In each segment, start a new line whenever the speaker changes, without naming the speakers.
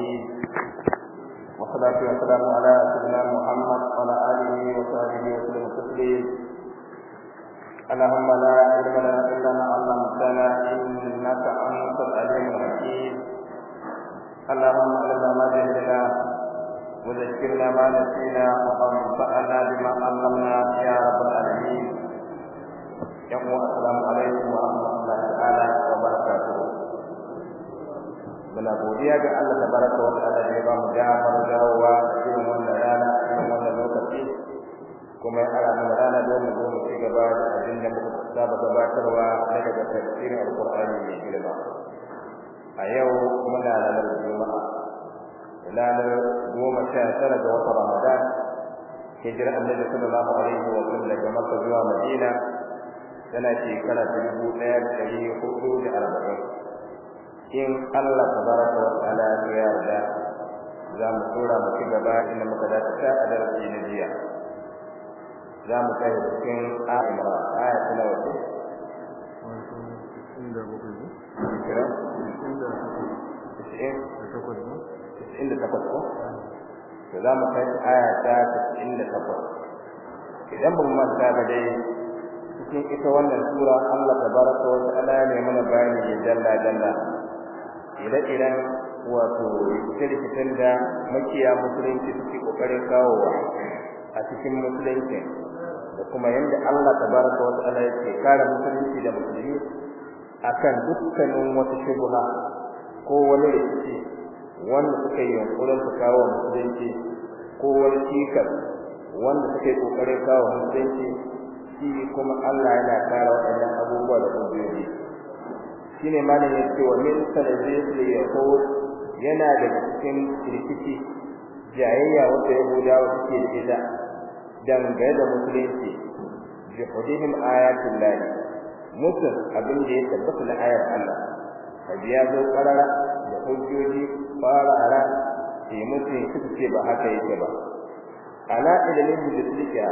الرجيم والصلاة والسلام على سيدنا محمد وعلى آله وصحبه وسلم تسليم اللهم لا علم لنا إلا ما علمتنا إنك أنت العليم الحكيم اللهم علمنا ما جهلنا وذكرنا ما نسينا وانفعنا بما علمنا يا رب العالمين يقول السلام عليكم ورحمة الله تعالى وبركاته muna godiya ga Allah tabaraka wa ta'ala da ya ba mu damar dawowa cikin wannan rana cikin wannan lokaci kuma ya ara mana rana don mu zo mu ci gaba da abin da muka saba gabatarwa na daga tafsirin alqur'ani mai girma a yau muna ranar juma'a ranar goma sha tara ga watan ramadan hijira annabi sallallahu alaihi wa sallam daga makka zuwa madina tana shekara ta dubu ɗaya da ɗari hudu da arba'in in Allah tabaraka wa ta'ala ya yarda za mu tura mu ci gaba inda muka dakata a darasi na jiya za mu kai cikin al'amura aya ta nawa ce inda takwas ko to za mu kai aya ta inda takwas idan ba mu ta ba dai cikin ita wannan sura Allah ta tabaraka wa ta'ala ne mana bayani dalla dalla ire-iren wato rikice-rikicen da makiya musulunci suke kokarin kawowa a cikin musulunci da kuma yadda Allah ka wasu ta'ala yake kare musulunci da musulmi kan dukkanin wata shubha ko wani rikici wanda suka yi yunkurin su kawo musulunci ko wani cikas wanda suke kokarin kawo musulunci shi kuma Allah yana kare waɗannan abubuwa da ƙungiyoyi shine malam ya ce wa min ya ko yana da cikin rikici jayayya wanda yahudawa ke da ita dangane da musulunci bi hudihim ayatul lahi musul abin da ya tabbata na ayar Allah fa ya zo karara da hujjoji farara sai mutum su ce ba haka yake ba ala ilmin da suke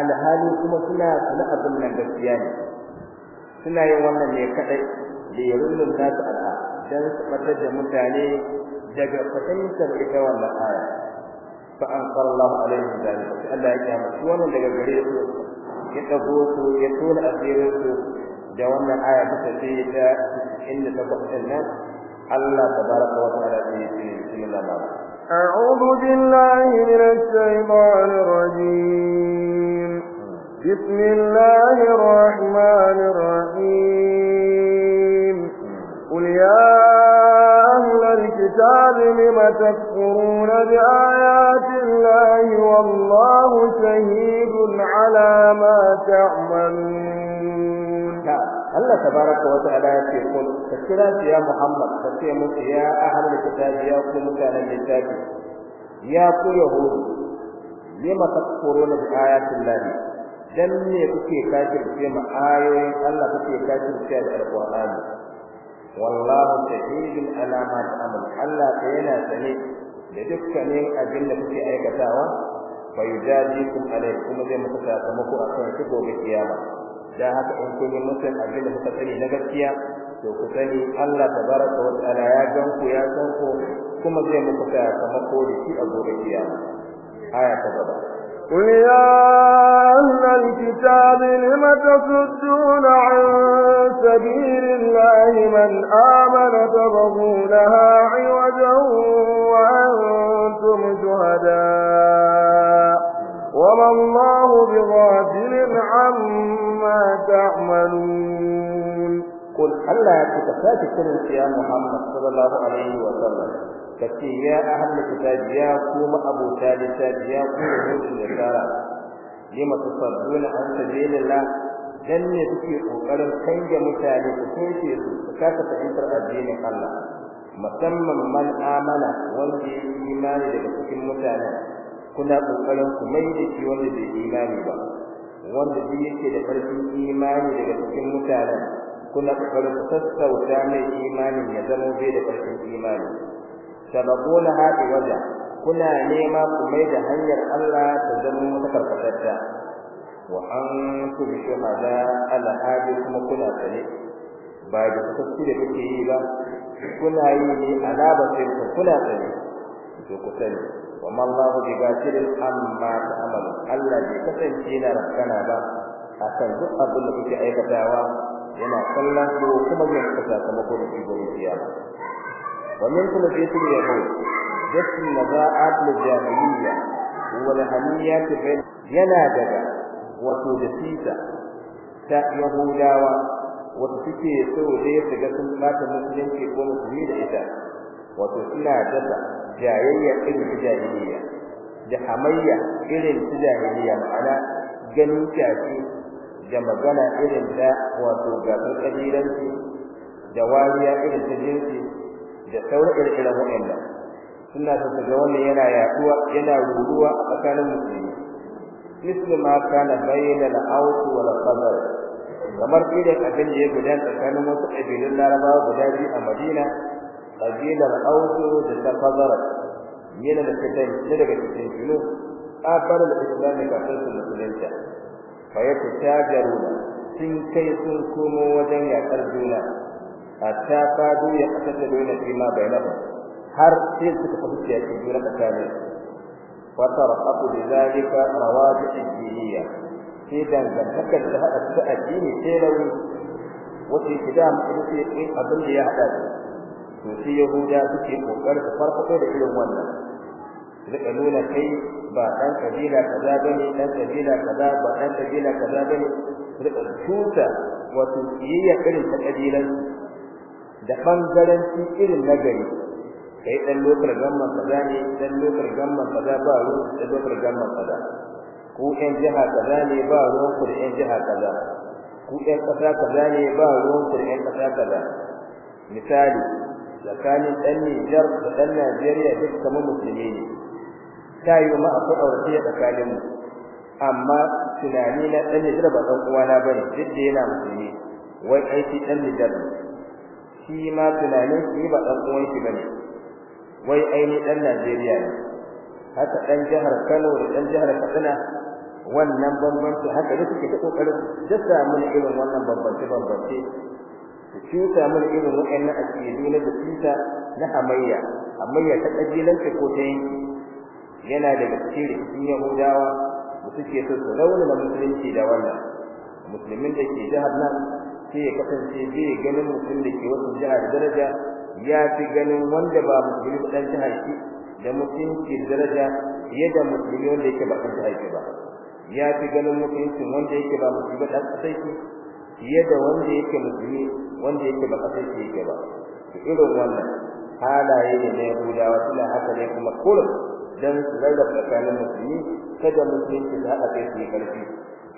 alhali kuma suna suna abin nan gaskiya ne suna yin wannan ne kadai da yarulun nasu al'a dan su batar da mutane daga fahimtar ita wannan aya fa an sallallahu alaihi wa sallam Allah ya kiyama su wannan daga gare su ya dago su ya tona asirin su da wannan aya ta tafi ta inda ta kwatanna nan Allah tabaraka wa ta'ala ya ce bismillah
أعوذ بالله من الشيطان الرجيم بسم الله الرحمن الرحيم قل يا أهل الكتاب لم تكفرون بآيات الله والله شهيد على ما تعملون
الله تبارك وتعالى يقول فالسلام يا محمد فالسلام يا أهل الكتاب يا أهل الكتاب يا أهل الكتاب يا أهل لم تكفرون بآيات الله dan ne kuke kafirce ma ayoyin Allah kuke kafirce da alqur'ani wallahu ta'idul alamat amal Allah ta yana sane da dukkanin abin da kuke aikatawa fa yujadikum alai kuma zai muku a akan shi gobe kiyama dan haka in kun yi mutum abin da kuka sani na gaskiya to ku sani Allah tabaraka wa ta'ala ya gan ku ya san ku kuma zai muku sakamako da shi a gobe kiyama aya ta gaba
قل يا أهل الكتاب لم تصدون عن سبيل الله من آمن تبغونها عوجا وأنتم شهداء وما الله بغافل عما
تعملون قل هل لا كل يا محمد صلى الله عليه وسلم kace ya ahlul kitabi ya kuma abota littafi ya kuma mutum da tsara lima tusadduna an sabilillah dan ne suke kokarin canja mutane su soke su su kasa fahimtar addinin Allah musamman man amana wanda ya yi imani daga cikin mutane kuna kokarin ku mai da shi wanda bai imani ba wanda duk yake da farkin imani daga cikin mutane kuna kokarin ku sassauta mai imanin ya zama bai da karfin imani tabaqulaha iwaja kuna nema ku mai da hanyar Allah ta zama wata karkatatta wa antum shuhada maza hadi kuma kuna tsare ba da kuskure da kuke yi ba kuna yi ne alaba sai ku kuna tsare to ku sani wa ma Allahu bi ghafirin amma ta'malu Allah bai kasance na rakana ba akan duk abin da kuke aikatawa yana kallon ko kuma yin sakamako da shi gobe kiyama ومنكم الجيش اليهود جسم مضاءات للجاهلية والهميات بين ينادى وتودسيسة تأيهوداوة وتسكي سودية تجسم لا تمسلم في قوم سميد إذا وتسنى جسا جاهلية إلى الجاهلية جحمية إلى الجاهلية معنا جنوكا في da magana irin da wato gaban kabilanci da wariya irin ta jinsi da sauran irin iren suna ga wannan yana yaduwa yana ruruwa a tsakanin musulmi misli ma kana bayyana al wa wal khazar kamar idan abin da ya gudan tsakanin wasu kabilun larabawa guda biyu a madina kabilar aus da ta khazar yana da fitan daga cikin junu abar al-islam ka tsaya musulunta fa jaruna sun kai sun komo wajen yakar juna hatta kadu ya kasance dole fi ma bainahu har sai suka fahimci ya ce jira tsakanin wa tarqabu bi zalika rawadi ad-diniyya sai dangantaka da hada ta addini sai rawi wace kidam ita ce abin da ya hada to sai yahuda suke kokarin farfado da irin wannan suka nuna kai ba dan kabila kaza bane dan kabila kaza ba dan kabila kaza bane suka tuta wato kiyayya irin ta kabilan da bangaranci irin nagari. gari kai dan lokar gamman kaza ne dan lokar gamman kaza ba ru dan lokar gamman kaza ku ɗan jiha kaza ne ba ruwan ku da ɗan jiha kaza ku ɗan ƙasa kaza ne ba ruwan ku da ɗan ƙasa kaza misali tsakanin ɗan Nijar da ɗan Najeriya duk kamar musulmi ne ta yi ma akwai aurace tsakanin mu amma tunani na ɗan Nijar ba ɗan uwana bane duk da yana musulmi wai aiki ɗan Nijar shi ma tunanin shi ba dan uwan shi bane wai aini dan Najeriya ne haka dan jihar Kano da dan jihar Katsina wannan bambanci haka da suke kokarin da mun irin wannan bambance bambanci su cuta mun irin wannan asiri na da na hamayya hamayya ta ta ko ta yanki yana daga cikin rikicin Yahudawa da suke so su raunana musulunci da wannan musulmin da ke jihar nan sai ya kasance bai ganin mutum da ke wata jiha da daraja ya fi ganin wanda ba musulmi ba dan jihar shi da mutum ke daraja fiye da musulmi wanda yake ba dan shi ba ya fi ganin mutuncin wanda yake ba musulmi ba dan kasai shi fiye da wanda yake musulmi wanda yake ba kasai shi yake ba irin wannan halaye ne na Yahudawa suna haka ne kuma kullum dan rarraba tsakanin musulmi kada musulmi ta haɗa kai su yi ƙarfi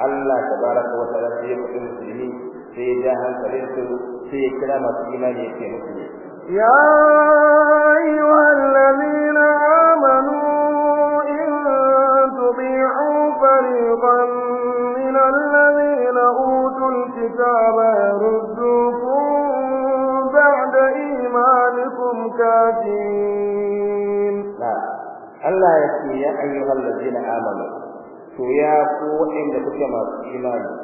Allah tabaraka wa ta'ala sai ya faɗi musulmi sai ya hankalin su sai ya kira masu imani ya ce musu
ya ayyuhal ladina amanu in tubi'u fariqan min alladhina utul kitaba yaruddukum ba'da imanikum kafirin
Allah ya ce ya ayyuhal ladina amanu to ya ku waɗanda kuke masu imani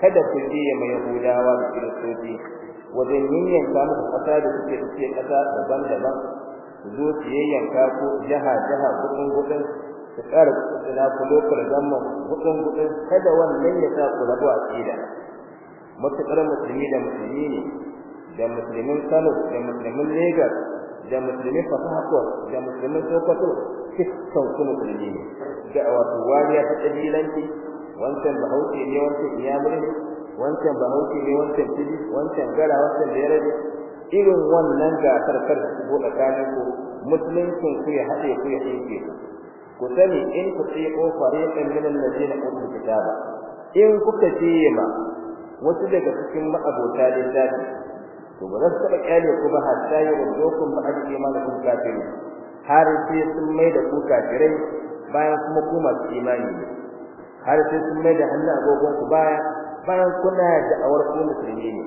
kada ku je mai yahudawa da kristoci wajen ta muku kasa da suke suke kasa daban-daban ku zo ko jaha jaha kudin kudin ku tsara kuɗina ku lokar gamma kudin kudin kada wannan ya sa ku rabu a tsira matuƙar musulmi da musulmi ne da musulmin kano da musulmin Legas, da musulmin fasahakuwa da musulmin sokoto dukkan kuma musulmi ne da wato wariya ta ƙabilanci wancan bahaushe ne wancan iyamurin wancan bahaushe ne wancan tiji wancan gara wancan da ne. irin wannan gasar kar ku buɗe kanin ku musuluncin ku ya haɗe ku ya ɗinke ku sani in ku tsiƙo fariƙin min alladhina utul kitaba in kuka ma wasu daga cikin ma'abota littafi to ba su taɓa ƙyale ku ba hatta yi rubutun ba aji imanin kafiri har sai sun mai da ku kafirai bayan kuma kuma masu imani ne har sai sun mai da hannu agogon ku baya bayan kuna da awar ku musulmi ne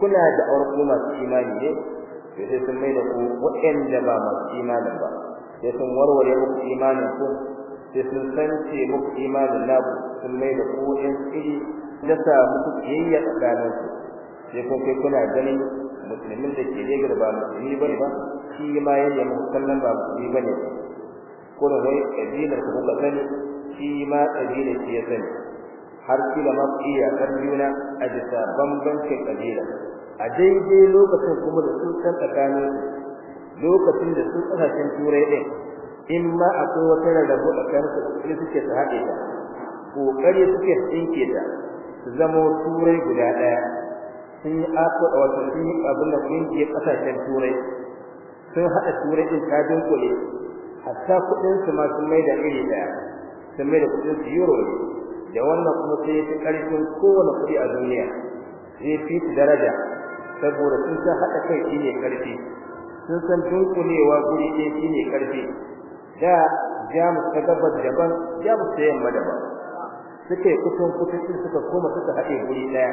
kuna da awar ku masu imani ne sai sun mai da ku waɗanda ba masu imani ba sai sun warware muku imanin ku sai sun sance muku imanin naku sun mai da ku ɗan tsiri na sa muku kiyayya tsakanin ku sai ko kai kuna ganin musulmin da ke legar ba musulmi ba ne ba shi ma yadda muku kallon ba musulmi ba ne Kuna wai ƙabilar ku kuka sani shi ma kabila shi ya sani har kila ma iyakar juna a bisa bambancin kabila a daidai lokacin kuma da sun san tsakanin lokacin da sun kasashen turai din in ma akwai wata rabu a su ne suke ta haɗe ta kokari suke tsinke ta zama turai guda ɗaya sun yi aka a wata sun yi abin da sun yi kasashen turai sun haɗa turai din kajin kuɗi. hatta kuɗinsu ma sun mai da iri ɗaya sun mai da kudin su euro ne da wannan kuma sai ya fi karfin kowane kudi a duniya zai fi su daraja saboda sun san haɗa kai shi ne karfi sun san dunkulewa guri ɗaya shi ne karfi da jamus ta gabas daban jamus ta yamma daban suka yi kusan kutucin suka koma suka haɗe guri ɗaya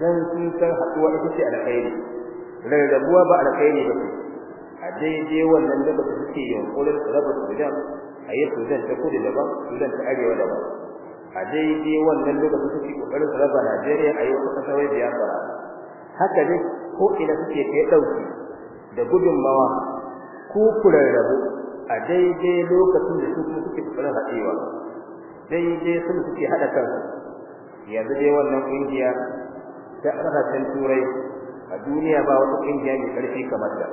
dan sun san haɗuwa ita ce alkhairi rarrabuwa ba alkhairi ba ce a daidai wannan da ba su suke yunkurin rabar su da a yi zan ta da daban sudan ta arewa daban a dai-dai wannan lokacin suke kokarin su raba Najeriya a yau kasa wai fara haka ne ko ina suke kai dauki da gudunmawa ko kurarrabu a dai-dai lokacin da su kuma suke kokarin haɗewa dai-dai sun suke haɗa kansu yanzu dai wannan kungiya ta ƙasashen turai a duniya ba wata kungiya mai karfi kamar ta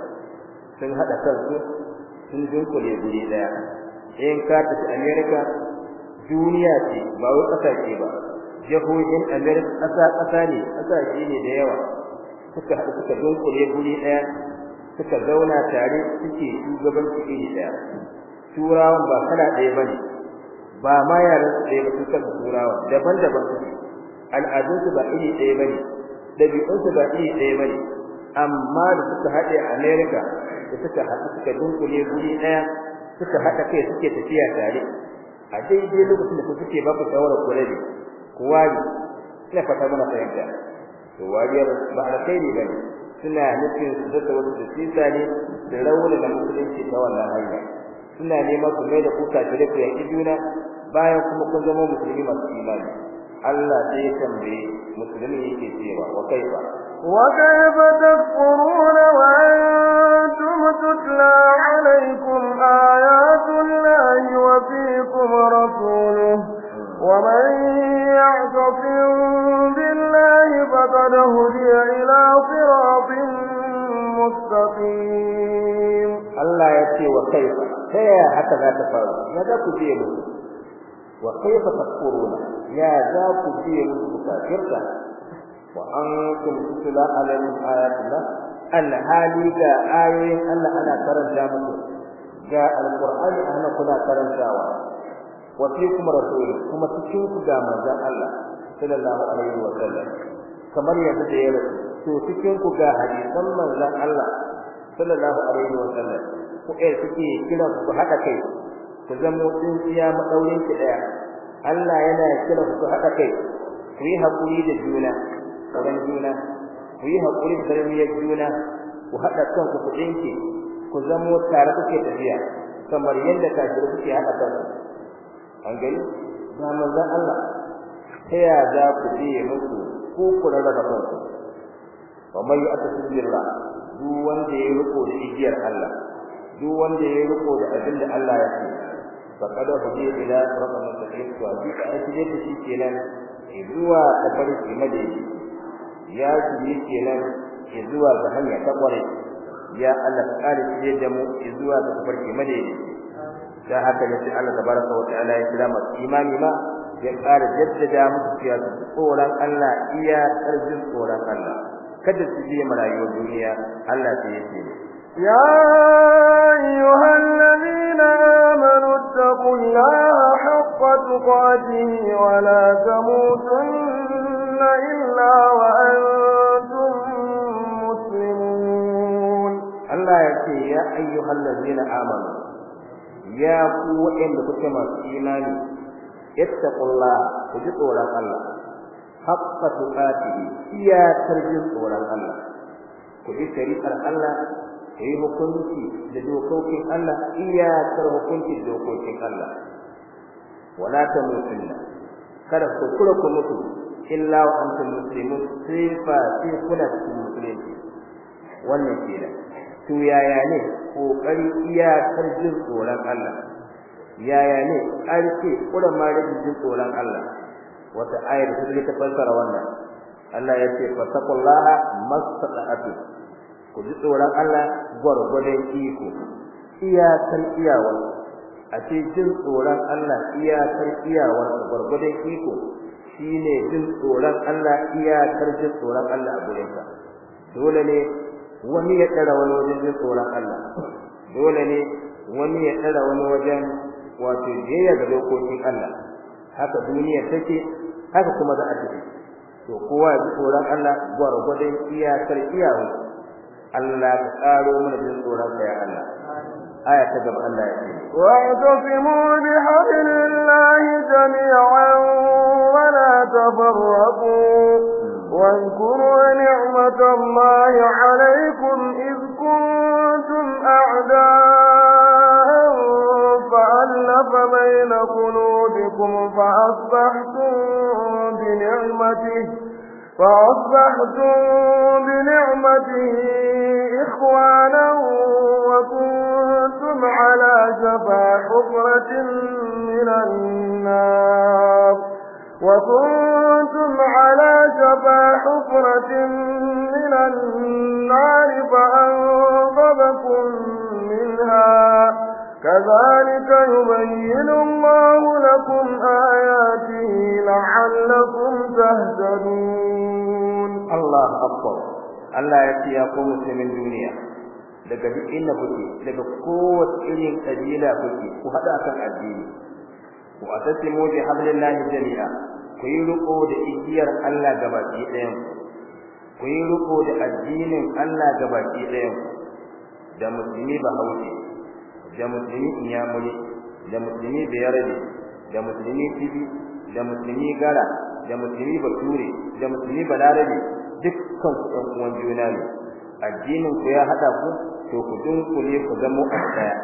sun haɗa kansu sun dunkule guri ɗaya in ka tafi America duniya ce ba wai kasashe ba jihohin America kasa kasa ne kasashe ne da yawa suka haɗu suka dunkule guri ɗaya suka zauna tare suke shugaban suke iri ɗaya turawan ba kala ɗaya bane ba ma yaran ɗaya ba su kan turawan daban-daban suke al'adunsu ba iri ɗaya bane ɗabi'unsu ba iri ɗaya bane amma da suka haɗe America da suka haɗu suka dunkule guri ɗaya suka hada kai suke tafiya tare a daidai lokacin da kuke ba ku shawara kore ne ne, ina fata muna fahimta to wariyar ba da kai ne suna nufin su zata wata tsitsa ne da rawar da musulunci ta wannan hanya suna nema ku mai da kuka tare ku yaki juna bayan kuma kun zama musulmi masu imani Allah sai ya tambaye musulmi yake cewa wa kaifa
وكيف تكفرون وأنتم تتلى عليكم آيات الله وفيكم رسوله ومن يعتصم بالله فقد هدي إلى صراط مستقيم
الله يأتي وكيف هي حتى لا تفعل ماذا تجيبه وكيف تكفرون يا ذاك الدين المكافرة وأنتم تتلى tutla alaihim ayatullah alhali ga ayoyin Allah ana karanta muku ga alqur'ani ana kuna karantawa wa fiikum rasul kuma cikin جاء ga Allah sallallahu alaihi wa sallam kamar da to cikin ku ga hadisan manzon Allah sallallahu alaihi wa sallam ku eh kuke ku hada kai ku zama tsintsiya madaurin ki daya Allah yana kira ku hada kai ku yi hakuri da juna gaban juna ku yi hakuri da tarbiyyar juna ku haɗa kanku ku ɗinke ku zamo tare kuke tafiya kamar yadda kafiru kuke haɗa kanku an gani ga manzon Allah ta ya za ku yi muku ko ku da kanku wa man aka billah duk wanda ya riko da igiyar Allah duk wanda ya riko da abin da Allah ya ce faqad hudi ila siratal mustaqim wa bi ta'ati da shi kenan zuwa tafarki madai ya shirye kenan zuwa ga hanya ta kwarai ya Allah ka kare shi da mu zuwa ga farke madaidai da haka ne sai Allah tabaraka wa ta'ala ya kira masu imani ma ya kara jaddada mu cewa tsoron Allah iya karfin tsoron Allah kada su je marayuwar duniya Allah sai ya ce
يا أيها الذين آمنوا اتقوا الله حق تقاته ولا تموتن إلا وأنتم مسلمون
الله يكي يا أيها الذين آمنوا يا قوة إن كتما إيماني اتقوا الله وجدوا لك الله حق تقاته يا ترجل ورد الله كل شريك الله yi hukunci da dokokin Allah iyakar hukunci da dokokin Allah wala ta mutunna kada ku kula ku mutu illa wa antum muslimun sifa fi kullati muslimin musulunci wannan kira to yaya ne kokari iya karjin tsoron Allah yaya ne an ce kula ma jin tsoron Allah wata ayar da ta fassara wannan Allah ya ce fattaqullaha mastata'atu ku ji tsoron Allah gwargwadon iko Iya iyakar iyawar a ce jin tsoron Allah iyakar iyawar gwargwadon iko shine jin tsoran Allah iya tarji tsoron Allah gure ka dole ne wani ya tsara wani wajen tsoran Allah dole ne wani ya tsara wani wajen wato jiya ga dokokin Allah haka duniya take haka kuma da a to kowa ya tsoron Allah gwargwadon iyatar iyawa Allah ka karo mana jin Allah آية تجب أن لا يكون
واعتصموا بحبل الله جميعا ولا تفرقوا واذكروا نعمة الله عليكم إذ كنتم أعداء فألف بين قلوبكم فأصبحتم بنعمته فأصبحتم بنعمته إخوانا وكنتم على جفا حفرة من النار وكنتم على جفا حفرة من النار فأنقذكم منها كذلك يبين الله لكم آياته لعلكم تهتدون
Allah akbar Allah ya ce ya ku musulmin duniya daga duk inda kuke daga kowace irin kabila kuke ku hada kan addini ku atati bi hablillah jami'a ku yi riko da igiyar Allah gabaki daya ku yi riko da addinin Allah gabaki daya da musulmi ba hauke da musulmi inyamuri da musulmi bayarabe da musulmi tibi da musulmi gara da musulmi bature da musulmi balarabe dukkan ku ɗan uwan juna ne addinin ku ya hada ku to ku dunkule ku zama a daya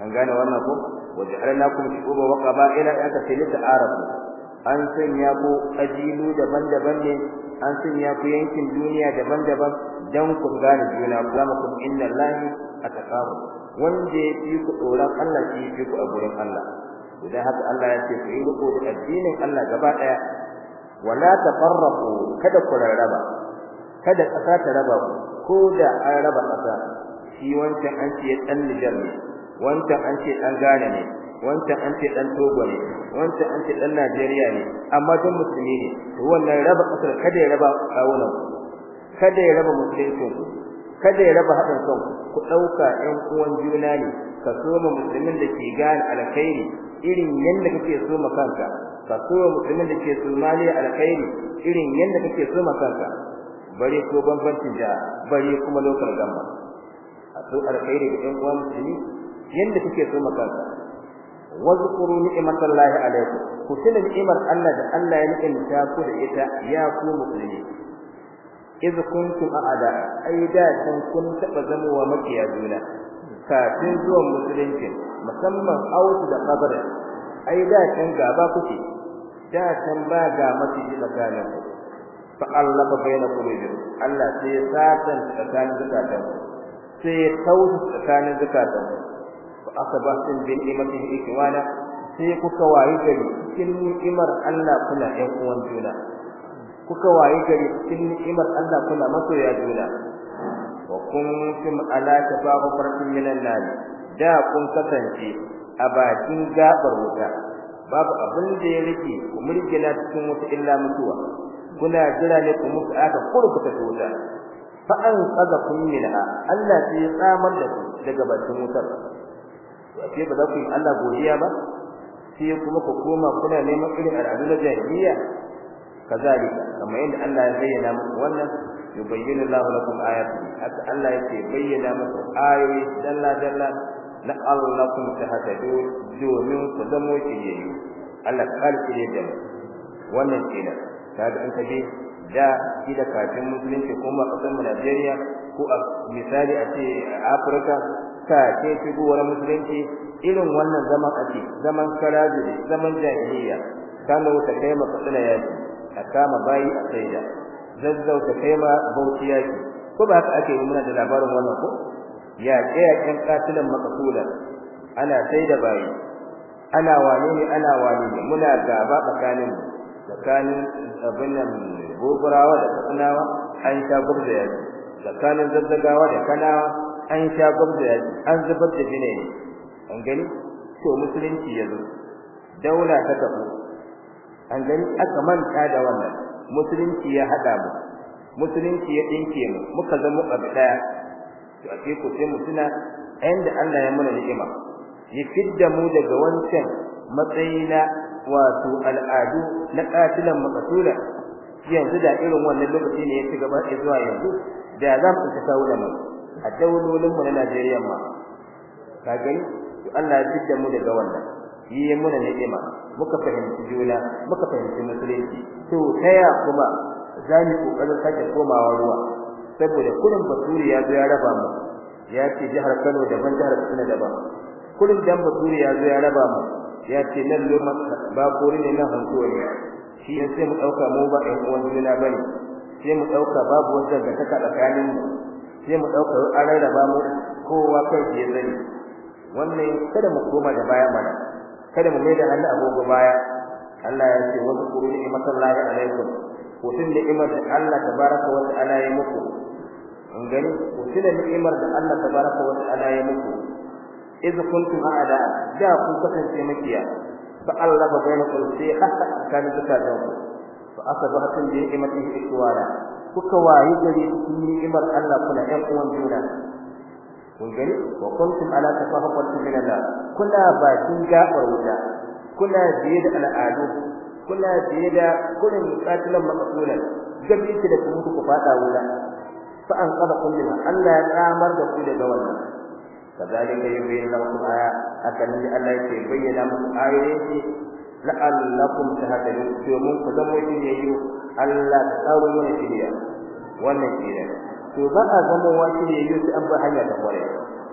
an gane wannan ko waja'alnakum shu'uba wa qaba'ila aka da lita'arafu an sanya ku ajilu daban-daban ne an sanya ku yankin duniya daban-daban dan ku gane juna zama ku inna a ataqabu wanda ya fi ku tsoron Allah shi ya fi ku a gurin Allah idan haka Allah ya ce ku yi riko addinin Allah gaba daya wala tafarraqu kada ku rarraba kada ƙasa ta raba ku ko da an raba ƙasa shi wancan an ce dan Niger ne wancan an ce dan Ghana ne wancan an ce dan Togo ne wancan an ce dan Najeriya ne amma duk musulmi ne to wannan raba ƙasar kada ya raba kawunan kada ya raba musulmin kada ya raba haɗin kan ku ɗauka ɗan uwan juna ne ka soma musulmin da ke gane alkhairi irin yadda kake soma kanka ka soma musulmin da ke Somalia alkhairi irin yadda kake soma kanka Bari ko bambancin da bare kuma lokar gamba a so alkhairi da ɗan musulmi yanda kuke so makaka wazkuru ni'matallahi alaikum ku tuna ni'mar Allah da Allah ya ta ku da ita ya ku musulmi idh kuntum a'ada ai da kun kun taba zamowa makiya juna kafin zuwa musulunci musamman autu da qabr ai da can gaba kuke da san ba ga mafi tsakanin ku fa'allaba bayna qulubihim Allah sai ya satan tsakanin zakatan sai ya kauta tsakanin zakatan fa asabahtum bi ni'matihi ikwana sai kuka wayi gari cikin ni'imar Allah kula ɗan uwan juna kuka wayi gari cikin ni'imar Allah kuna masoya juna wa kuntum ala tafaqa farqin minan nar da kun kasance a bakin gabar wuta babu abin da ya rike ku murgina cikin wata illa mutuwa kuna jira ne ku musu aka kurku ta wuta fa an qadakum minha Allah sai ya tsamar da ku daga batun wutar to ake ba za ku yi Allah godiya ba sai kuma ku koma kuna neman irin al'adun jahiliya kazalika kamar yadda Allah ya bayyana muku wannan yubayyinu Allahu lakum ayatihi haka Allah yake bayyana muku ayoyi dalla dalla la allakum tahtadun domin ku zamo kiyaye Allah kalki da wannan kenan kaga an kaje da kila kafin musulunci kuma kasar mu Najeriya ko a misali a ce Afirka ta ce shigowar musulunci irin wannan zaman ake zaman karaji zaman jahiliya kana wata kai ma kasala ce a kama bayi a saida zazzau ta kai ma bautiya yaki ko ba haka ake muna da labarin wannan ko ya ce yakin katilan makasula ana saida bayi ana wani ne ana wani ne muna gaba tsakanin mu tsakanin abinan gogurawa da kanawa an sha gobda yaki tsakanin zazzagawa da kanawa an sha gobda yaki an zubar da jini an gani to musulunci yazo daula ta tafi. an gani aka manta da wannan musulunci ya hada mu musulunci ya dinke mu muka zama abu daya to ake ku sai mu tuna ayin Allah ya mana ni'ima ya fidda mu daga wancan matsayi na wato al'adu na katilan makasula yanzu da irin wannan lokaci ne ya ci gaba zuwa yanzu da za mu ta kawo da mu a daulolin mu na Najeriya ma ka gani Allah ya fidda mu daga wannan yi mu ne ni'ima muka fahimci juna muka fahimci musulunci to taya kuma za mu kokarin sake komawa ruwa saboda kullum basuri ya zo ya raba mu ya ce jihar Kano daban jihar da ba kullum dan basuri ya zo ya raba mu ya ce lalle ba kore ne na hanko ne shi ya sai mu dauka mu ba ɗan uwan juna ne sai mu dauka babu wata da taka tsakanin mu sai mu dauka an rarraba mu kowa kai ke zani wannan kada mu koma da baya mana kada mu maida da hannu agogo baya Allah ya ce wa zkuru ni'matallahi alaikum ko tun ni'imar da Allah tabaraka wa ta'ala ya muku In gani ko tun ni'imar da Allah tabaraka wa ta'ala ya muku idza kuntum a'da da ku kasance makiya fa Allah ba bayyana ku sai hatta kan zakatan ku fa asabahatin bi ni'matihi ikwara kuka wayi gari cikin ni'imar Allah kuna ɗan juna kun gani wa kuntum ala tafaqatin min Allah kuna bakin gabar wuta kuna biye da al'adu kuna biye da kullun qatilan maqtulan gabi ki da kuma ku faɗa wuta fa an qada kullina Allah ya kamar da ku daga wannan كذلك bayyana لكم آيات أكن الله يبين لكم آياته لعلكم تهتدون يومون كذبوا يجيو الله تساوي من wannan والنجيرة to ba a zama wani ne yau sai an bar hanya ta kware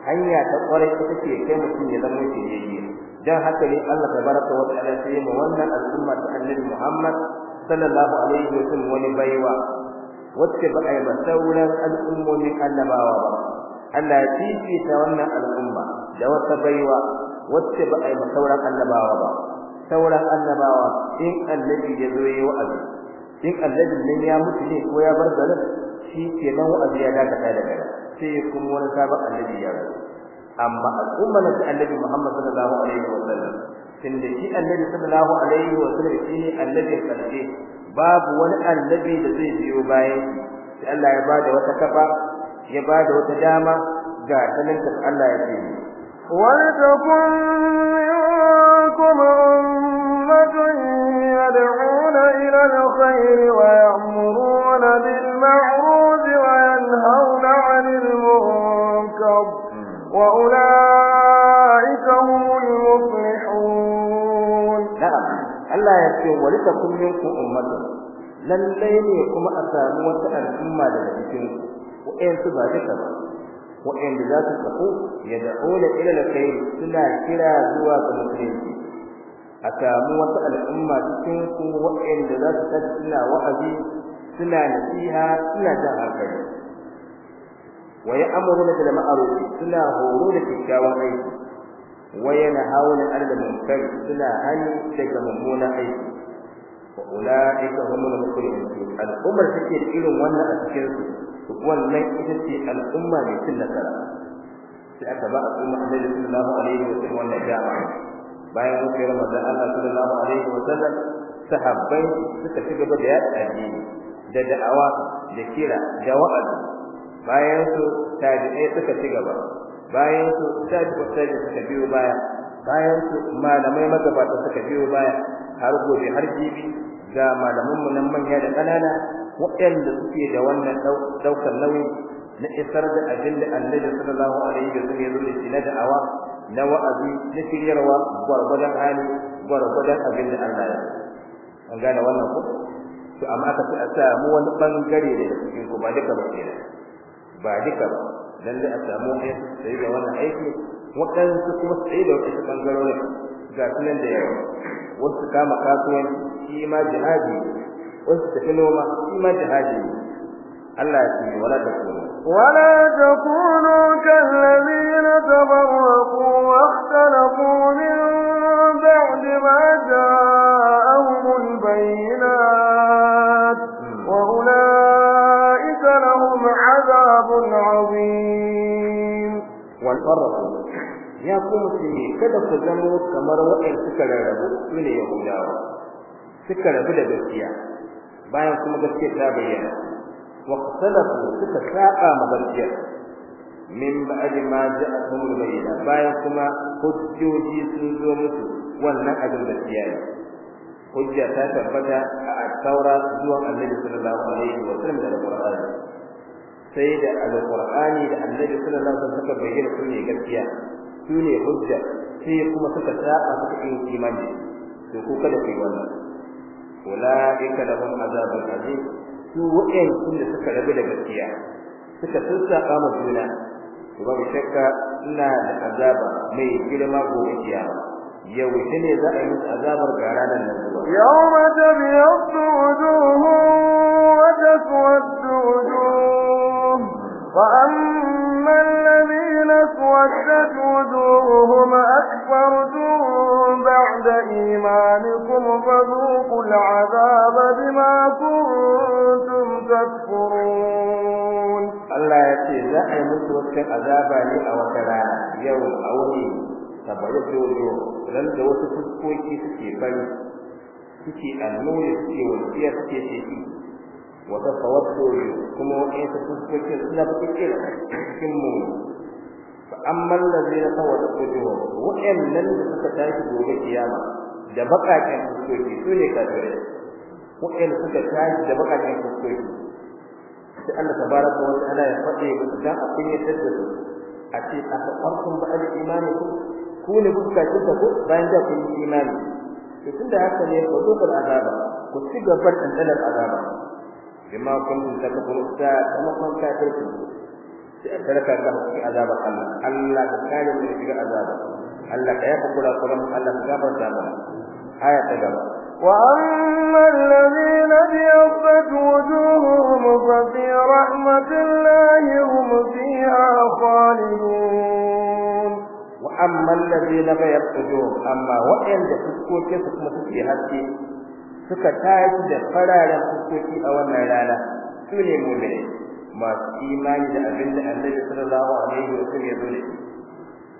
hanya ta kware ita ce kai mutum ya zama shi ne dan haka ne Allah tabaraka wa ta'ala sai mu wannan al'umma ta Annabi Muhammad sallallahu alaihi wa sallam wani baiwa wacce ba a yi ba sauran al'ummomin annabawa ba Allah ya ta wannan al'umma da wata baiwa wacce ba a yi sauran annabawa ba sauran annabawa in annabi ya zo yayi wa'azi in annabi ne ya mutu ne ko ya bar zalal shi ke nan wa'azi ya dakata da daga sai kuma wani sabon annabi ya zo amma al'umma na annabi Muhammad sallallahu alaihi wa sallam tunda shi annabi sallallahu alaihi wa sallam shi ne annabi karshe babu wani annabi da zai biyo bayan shi Allah ya bada wata kafa ya bada wata dama ga talantar Allah
ولتكن منكم أمة يدعون إلى الخير ويأمرون بالمعروف وينهون عن المنكر وأولئك هم المفلحون نعم
الله يقول ولتكن منكم أمة لن لين يقوم أسامة الأمة لكم in su ba duka ba wa'anda za su tafi yad'una ila al kai suna kira zuwa ga musulunci a samu wata al'umma cikin ku wa'anda za su tafi suna wa'azi suna nasiha suna jan hankali wa ya ya'muruna bil ma'ruf suna horo da kyakkyawan aiki wa yanhauna 'anil munkar suna hani daga mummunan aiki wa ulaika humul muflihun al'ummar take da irin wannan a cikin su wannan ita ce al'umma ne cin nasara sai aka ba al'umma annabi sallallahu alaihi wa sallam wannan dama bayan mun kai ramadan Allah sallallahu alaihi wa sallam sahabbai suka ci gaba da yaɗa addini da da'awa da kira da wa'azi bayan su tabi'ai suka ci gaba bayan su tabi'u tabi'u suka biyo baya bayan su malamai magabata suka biyo baya har gobe har jibi ga malaman mu nan manya da ƙanana. waɗanda suke da wannan daukar nauyi na isar da abin da annabi sallallahu alaihi wa sallam ya zo da da'awa na wa'azi na shiryarwa gwargwadon hali gwargwadon abin da Allah ya an gane wannan ko to amma aka fi a samu wani bangare da cikin ku ba duka ba kenan ba duka ba lalle a samu ne sai da wannan aiki waɗansu kuma sai da wasu bangarorin ga su nan da yawa wasu kama kasuwanci shi ma jihadi واستحلوا في مجهدي الله يسمي ولا تكونوا
ولا تكونوا كالذين تبرقوا واختلقوا من بعد ما جاءهم البينات وأولئك لهم عذاب عظيم
والفرق يا قومي كذا تجمعوا كما رأيت سكرة من يهودا سكرة بلا بسيئة bayan kuma gaskiya ta bayyana wa ikhtalafu suka saba ma gaskiya min ba'di ma ja'atuhum al-bayyina bayan kuma hujjoji sun zo musu wannan abin gaskiya ne hujja ta tabbata a taura zuwa annabi sallallahu alaihi wa sallam da alqur'ani sai da alqur'ani da annabi sallallahu alaihi wa sallam suka bayyana su ne gaskiya su ne hujja sai kuma suka saba suka yi imani to ko kada ku yi wannan ulaika lahum azabun azim su wa'in da suka rabu da gaskiya suka tsaka ma juna to babu shakka ina da azaba mai girma gobe kiyama yau shine za a yi azabar ga ranar nan zuwa
yawma tabyaddu wujuhun wa taswaddu wujuhun وأما الذين اسودت وجوههم أكفرتم بعد إيمانكم فذوقوا العذاب بما كنتم تكفرون
الله يكفي لا يموت وكان عذابا لي أو يوم أو لي سبعين يوم لن دوت تسكوي كي تسكي تكي تسكي النور تسكي تكي wata tawassuli kuma wani ta fuskokin suna da cikin mu fa amma allazina wa in da suka tashi gobe kiyama da bakakin fuskoki su ne ko in suka tashi da bakakin shi. sai Allah tabaraka wa ta'ala ya fadi da dan akwai yadda su a ce a farkon ba al imani ku ku ne kuka kika ku bayan da ku imani to tunda haka ne ku zo azaba ku ci gaba da azaba بما كنت تقول كنتم تكفرون فما كنتم كافرين فلك في عذاب الله الله كان من يجيب عذاب الله يحب القران الله يحب الذنب آية الجواب
وأما الذين ابيضت وجوههم ففي رحمة الله هم فيها خالدون
وأما الذين ابيضت وجوههم أما وإن تسكوا كيف تسكوا suka tashi da fararen fuskoki a wannan rana su ne mu'mini masu imani da abin da Annabi sallallahu alaihi wa sallam ya zo da shi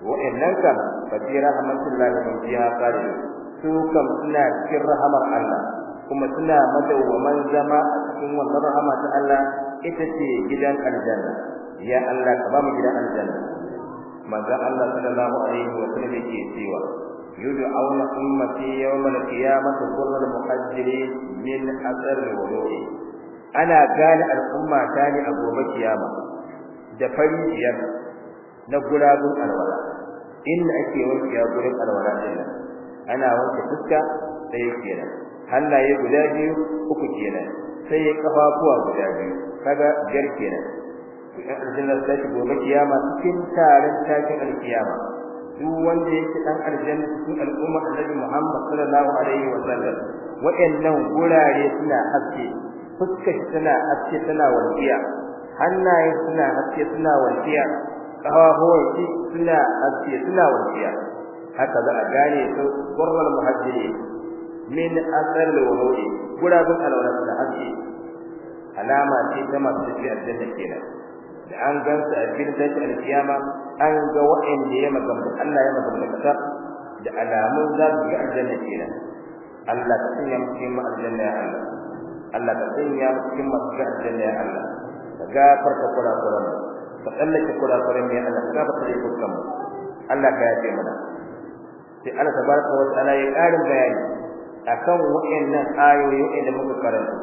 wa'annan kan fa rahmatullahi min jiha qari su kam suna cikin rahamar Allah kuma suna madawwaman zama a cikin wannan rahama ta Allah ita ce gidan aljanna ya Allah ka ba mu gidan aljanna manzo Allah sallallahu alaihi wa sallam yake cewa يدعون أمتي يوم القيامة كل المقدرين من أثر الوضوء أنا قال الأمة تاني أبو بكيامة دفن يم نقلاب الولاء إن أكي وكي أقول الولاء إلا أنا وكي تسكى سيكينا هلا يقلاجي أكتينا سيكفا قوى قلاجي كذا جركينا في أرسل الله تشبه بكيامة كم تارن تاكي القيامة duk wanda yake dan aljanna cikin al'ummar Annabi Muhammad sallallahu alaihi wa sallam waɗannan gurare suna haske Fuska suna haske suna walƙiya hannaye suna haske suna walƙiya kafafuwanki suna haske suna walƙiya haka za a gane su gurral muhajjiri min asar al-wuhuri gurabun alwala suna haske alama ce ta masu tafiya aljanna kenan da an gansa a filin tashi kiyama an ga wa'anda ya magana Allah ya magana kasa da alamun za su ga aljanna kenan Allah ta sanya mu cikin aljanna ya Allah Allah ta sanya mu cikin aljanna ya Allah ka gafarta kurakuran ka tsallake kula ya Allah ka ta da kukan Allah ka yafe mana sai Allah tabaraka wa ta'ala ya karin bayani akan wa'annan ayoyi da muka karanta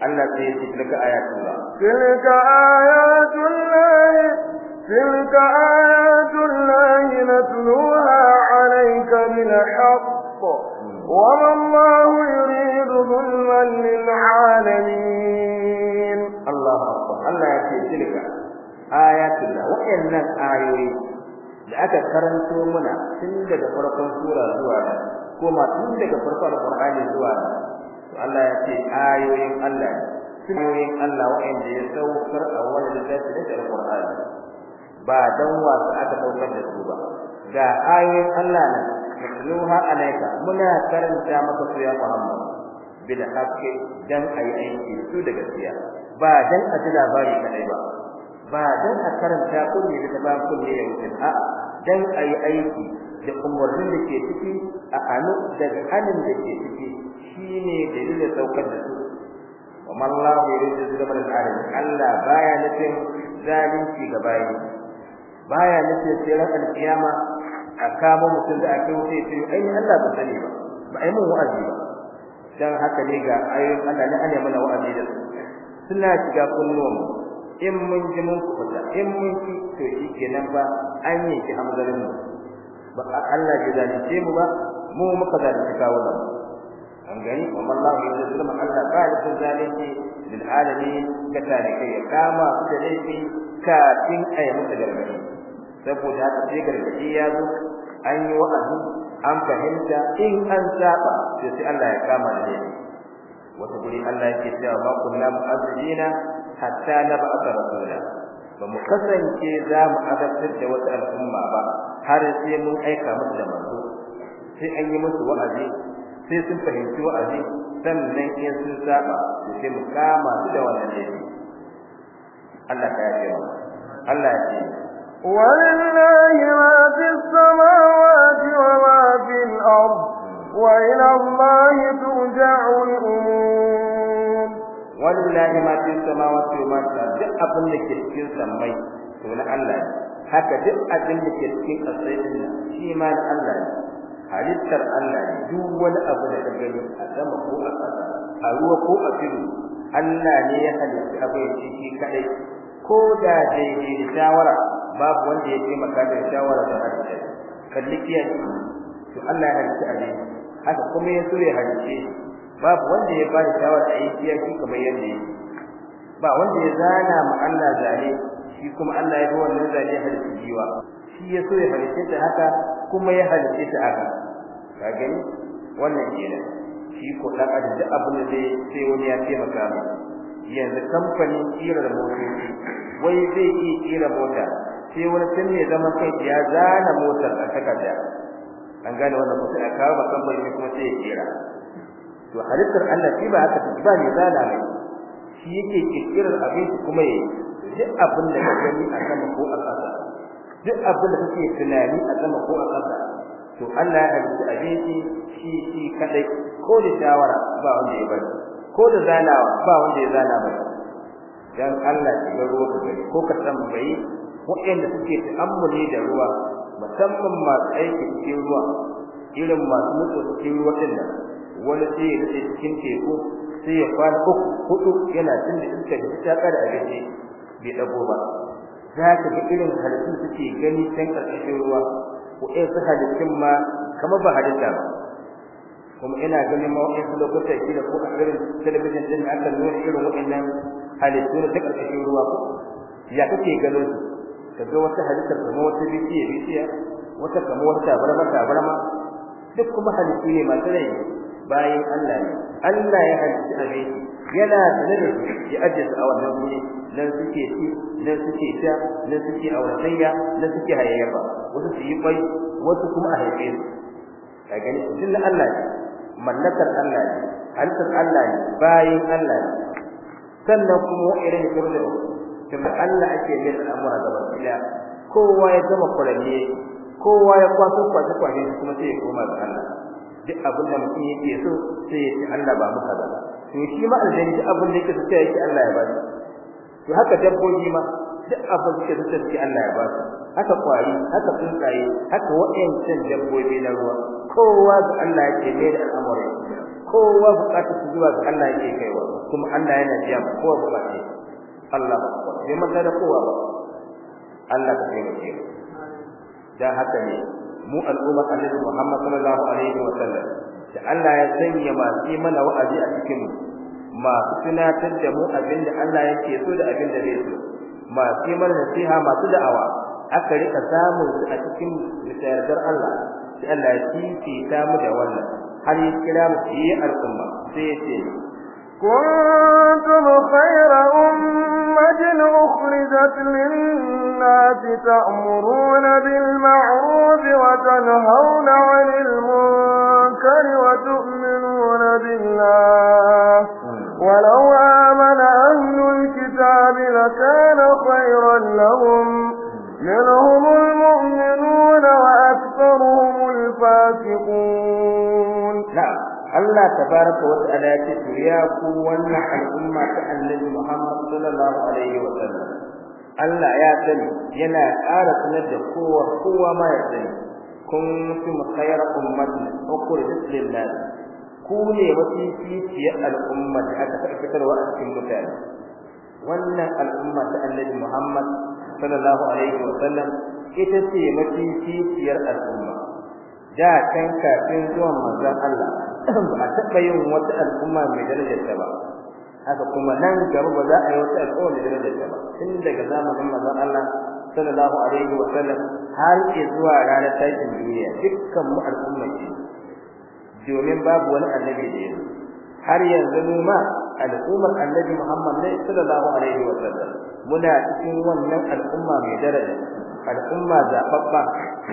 Allah sai ya tilka ayatullah
تلك آيات الله تلك آيات الله نتلوها عليك بالحق وما الله يريد ظلما للعالمين
الله أكبر الله يأتي تلك آيات الله وإن آيات da aka karanto muna tun daga farkon sura zuwa kuma tun daga farkon Qur'ani zuwa Allah ya ce ayoyin Allah sunayoyin Allah wa'anda ya saukar a wannan littafi da Al-Qur'ani ba dan wasu aka saukar da su ba ga ayoyin Allah ne nuha alayka muna karanta maka su ya Muhammad bil haqqi dan ayi aiki su da gaskiya ba dan a ji labari kai ba ba dan a karanta kulli da ba kulli ne wuce a dan ayi aiki da umarnin da ke ciki a anu da halin da ke ciki shine dalilin saukar da su wallahu yuridu da alamin Allah baya nufin zalunci ga bayi baya nufin sai ranar kiyama a kama mutum da aka wuce sai ai Allah ba sani ba ba ai mun wa'azi ba dan haka ne ga ayoyin Allah na ana mana wa'azi da suna shiga kullum in mun ji mun kuta in mun ci to nan ba an yi ki amzarin mu ba Allah ya zalunce mu ba mu muka zalunci kawo mu an gani kuma Allah ya zulma Allah ba ya san zalunci lil alamin ga tarihi ya kama su da laifi kafin a yi musu gargadi saboda haka sai gargadi ya zo an yi wa'azi an fahimta in an saba sai sai Allah ya kama da laifi wata guri Allah yake cewa ma kunna mu'azzina hatta nab'a rasula ba mu kasance za mu azabtar da wata al'umma ba har sai mun aika musu da manzo sai an yi musu wa'azi sai sun fahimci wa'azi sannan in sun saba to sai mu kama su da wannan laifi Allah ta yi wa Allah ya
ce ولله ما في السماوات وما في الأرض وإلى الله ترجع الأمور
ولله ما في السماوات وما في الأرض duk abin da ke cikin sammai to na Allah haka duk abin da ke Allah ne halittar Allah ne duk wani abu da kake gani a sama ko a ƙasa a ruwa ko a fili. Allah ne ya halitta abu ya ci shi kadai ko da daidai da shawara babu wanda ya maka da shawara da halitta kalli kiyaye. to Allah ya halitta abin haka kuma ya so ya halitta babu wanda ya ba da shawara a yi kiyar shi kamar yadda yake ba wanda ya zana ma Allah zane shi kuma Allah ya ga wannan zane halitta jiwa shi ya so ya halitta haka kuma ya halice ta aka ka gani wannan kenan shi ko dan adam da abin da zai sai wani ya taimaka ba yanzu kamfanin kirar motoci wai zai yi kira mota sai wani sun ne zaman kai ya zana motar a takarda an gane wannan mutum ya kawo kamfanin ne kuma sai ya kira to halittar Allah shi ba haka ba ne zana ne shi yake kirkirar abin kuma yayi duk abin da ka gani a sama ko a ƙasa duk abin da kake tunani a sama ko a ƙasa to Allah ya halitta abinci shi shi shi kadai ko da shawara ba wanda ya bari ko da zanawa ba wanda ya zana ba dan Allah ya ga ruwa ka gani ko ka san tambayi waɗanda suke ta'ammuli da ruwa musamman masu aiki cikin ruwa irin masu mutu cikin ruwa din nan wani sai ya ce cikin teku sai ya kwana uku hudu yana jin da iska da ta kada a gaje bai dago ba za ka ga irin halittun suke gani can ƙarƙashin ruwa ko irin su halittun ma kamar ba halitta ba kuma ina ganin ma wani su lokuta shi da ko a irin talabijin din da aka nuna irin waɗannan halittu da ta ƙarƙashin ruwa ko ya kake ganin su ka ga wata halittar kamar wata bishiya bishiya wata kamar wata tabarma tabarma duk kuma halittu ne masu rai bayan Allah ne Allah ya halitta abin yana sanar da su ya ajiye a wannan wuri nan suke ci nan suke sha nan suke ya nan suke ba, wasu su yi kwai wasu kuma a haife su ka gani duk Allah ne mallakar Allah ne halittar Allah ne bayin Allah ne sannan kuma irin kirda kuma Allah ake yin al'amura da ɗaya kowa ya gama kwararre kowa ya kwaso kwaso kwaso kuma sai ya koma ga Allah duk abin da mutum yake so sai ya ci Allah ba muka ba to shi ma aljani duk abin da yake so sai yake Allah ya ba shi to haka dabbobi ma duk abin da yake so sai Allah ya ba haka kwari haka tsuntsaye haka wa'ancan dabbobi na ruwa kowa da Allah yake mai da al'amari kowa bukata su zuwa ga Allah yake kaiwa kuma Allah yana biya kowa bukata Allah ba ne da kowa ba Allah ka taimake mu dan haka ne mu al'umma annabi Muhammad sallallahu alaihi wa sallam da Allah ya sanya masu mana wa'azi a cikin mu masu tunatar da mu abin da Allah yake so da abin da zai so masu mana nasiha masu da'awa aka rika samun su a cikin misayar Allah sai Allah ya fifita mu da wannan har ya kira mu yi al'umma sai ya ce
kuntum khayra أمة أخرجت للناس تأمرون بالمعروف وتنهون عن المنكر وتؤمنون بالله ولو آمن أهل الكتاب لكان خيرا لهم منهم المؤمنون وأكثرهم الفاسقون نعم.
Allah tabaraka wa ta'ala ya ce ya ku wannan al'umma ta annabi Muhammad sallallahu alaihi wa sallam Allah ya sani yana ƙara sanar da kowa kowa ma ya sani kun fi khayra ummati ukhrijat lin nas ku ne wasi fiye al'umma da aka fitarwa a cikin mutane wannan al'umma ta annabi Muhammad sallallahu alaihi wa sallam ita ce mafi fiyar al'umma da kan kafin zuwan manzon Allah ba a taɓa yin wata al'umma mai darajar ta ba haka kuma nan gaba ba za a yi wata al'umma mai darajar ta ba tun daga zamanin manzon Allah sallallahu alaihi wa sallam har zuwa ranar tashin duniya dukkan mu al'umma ce domin babu wani annabi da yanzu har yanzu mu ma al'ummar annabi Muhammad ne sallallahu alaihi wa sallam muna cikin wannan al'umma mai daraja al'umma zababba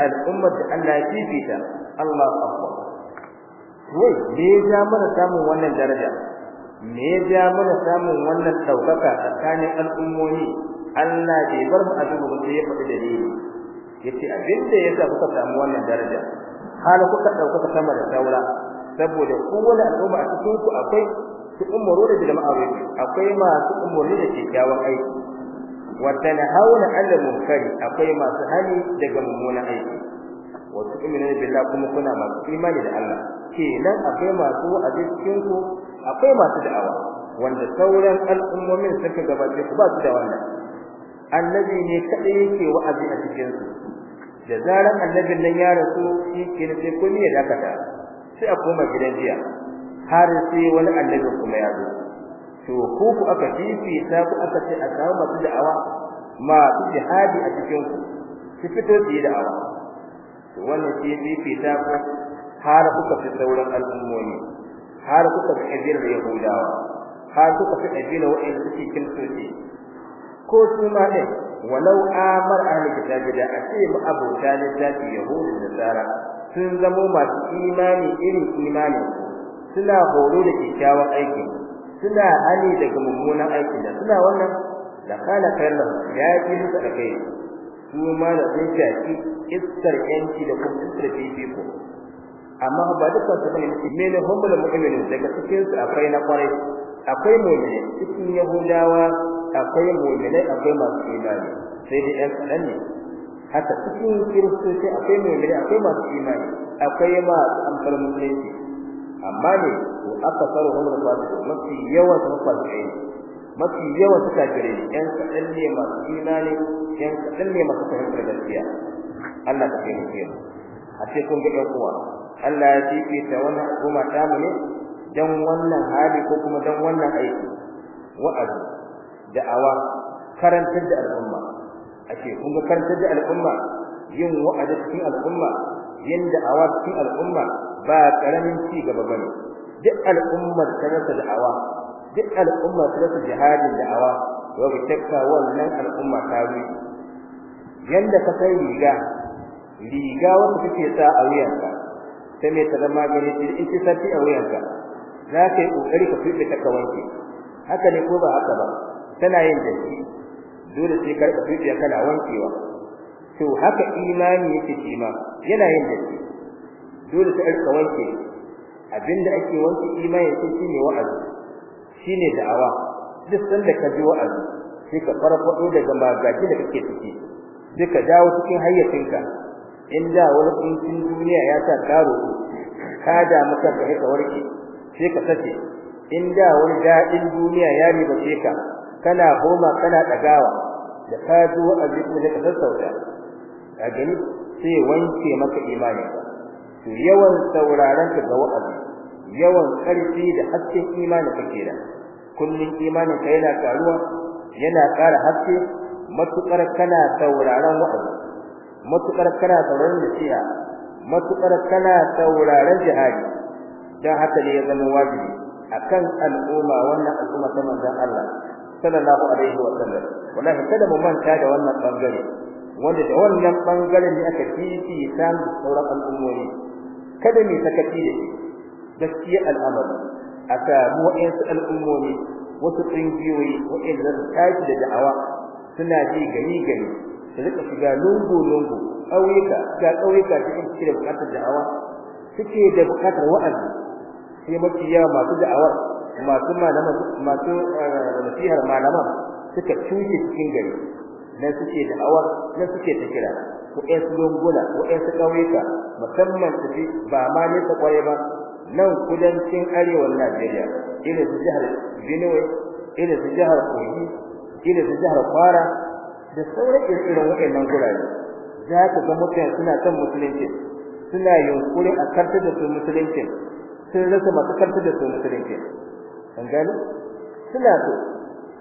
al'ummar da Allah ya fifita Allah akbar wai me ya ja mana samun wannan daraja me ya ja mana samun wannan daukaka tsakanin al'ummomi Allah bai bar mu a dubu ba sai ya faɗi ni yace abinda yasa kuka samu wannan daraja hal kuka daukaka sama da saura saboda kowace al'umma a cikin ku akwai su umuru da jama'a akwai masu umuru da kyakkyawan aiki munkari akwai masu hali daga mummunan aiki wasu tu'minuna billahi kuma kuna masu imani da Allah kenan akwai masu wa'azi cikin ku akwai masu da'awa wanda sauran al'ummomin suka gabace ku ba su da wannan annabi ne kadai yake wa'azi a cikin su da zaran annabin nan ya rasu shi ke sai kun ya dakata sai a koma gidan jiya har sai wani annabi kuma ya zo to ku ku aka fifita ku aka ce a samu masu da'awa masu jihadi a cikin ku ki fito ki da'awa to wannan shi fifita ku har kuka fi sauran al'ummomi har kuka fi kabilar yahudawa har kuka fi kabilar wa'in suke kiristoci ko su ma ne walau amar ahli kitabi da ake mu abota ne yahudu da tsara sun zamo masu imani irin imani suna horo da kyakkyawan aiki suna hali daga mummunan aiki da suna wannan da kana kallon ya ji da kai su ma da sun iskar yanci da kuma iskar fifiko amma ba dukkan su bane ne ne hubbul mu'minin daga cikin su akwai na kwarai akwai mu'mini cikin yahudawa akwai mu'mini akwai masu imani sai dai ɗan kaɗan ne haka cikin kiristoci akwai mu'mini akwai masu imani akwai ma amfar musulunci amma ne ko aka tsaro hukumar fasiki mafi yawa su fasiki mafi yawa su kafire ne ɗan kaɗan ne masu imani ɗan kaɗan ne masu fahimtar gaskiya Allah ta kai mu a ce kun ga ɗan uwa Allah ya fifita wannan kuma ta mu ne dan wannan hali ko kuma dan wannan aiki wa'azi da'awa karantar da al'umma ake kun ga karantar da al'umma yin wa'azi cikin al'umma yin da'awa cikin al'umma ba karamin ci gaba bane duk al'ummar ta rasa da'awa duk al'ummar ta rasa jihadin da'awa to takka wannan al'umma ta rubi yanda ka kai riga riga wanda kake sa a wuyanka sai mai tada magani shi in ci sarki a wuyanka za ka yi ƙoƙari ka fiɗe ta ka wanke haka ne ko ba haka ba tana yin jaki dole sai ka ka kana wankewa to haka imani yake shi ma yana yin jaki dole sai ka wanke abinda ake wanke imani sai shine wa'azi shine da'awa duk sanda ka ji wa'azi sai ka farfado daga magaji da kake ciki sai ka dawo cikin hayyacinka in da wani kuncin duniya ya sa karo ka da maka kai ka warke sai ka sace in da wani dadin duniya ya riba sai ka kana goma kana dagawa da ka zo a jikin da ka sassauta ka gani sai wanke maka imani to yawan sauraron ka ga wa'azi yawan karfi da hasken imani kake da kullun imanin ka yana karuwa yana ƙara haske matukar kana sauraron wa'azi matukar kana sauraron nasiha matukar kana sauraron jihadi dan haka ne ya zama wajibi akan al'umma wannan al'umma ta manzon Allah sallallahu alaihi wa sallam wallahi kada mu manta da wannan bangare wanda da wannan bangaren ne aka fifi san sauran al'ummomi kada ne sakaci da gaskiya al'amari aka mu 'yansu al'ummomi wasu tsingiyoyi wa'anda zai tashi da da'awa suna ji gani gani da suka shiga lungu lungu ƙauyuka ga ƙauyuka cikin suke da bukatar da'awa suke da bukatar wa'azi sai mafiya masu da'awa masu malama masu eh, nasihar malama suka cuce cikin gari na suke da'awa na suke ta kira waɗansu lunguna waɗansu ƙauyuka musamman su fi ba ma ne nesa ƙwarai ba nan kudancin arewar Najeriya irin su jihar Benue irin su jihar Kogi irin su jihar Kwara da sauran irin waɗannan gurare za ka ga mutane suna kan musulunci suna yunkuri a karta da su musulunci sun rasa masu karta da su musulunci an gani suna so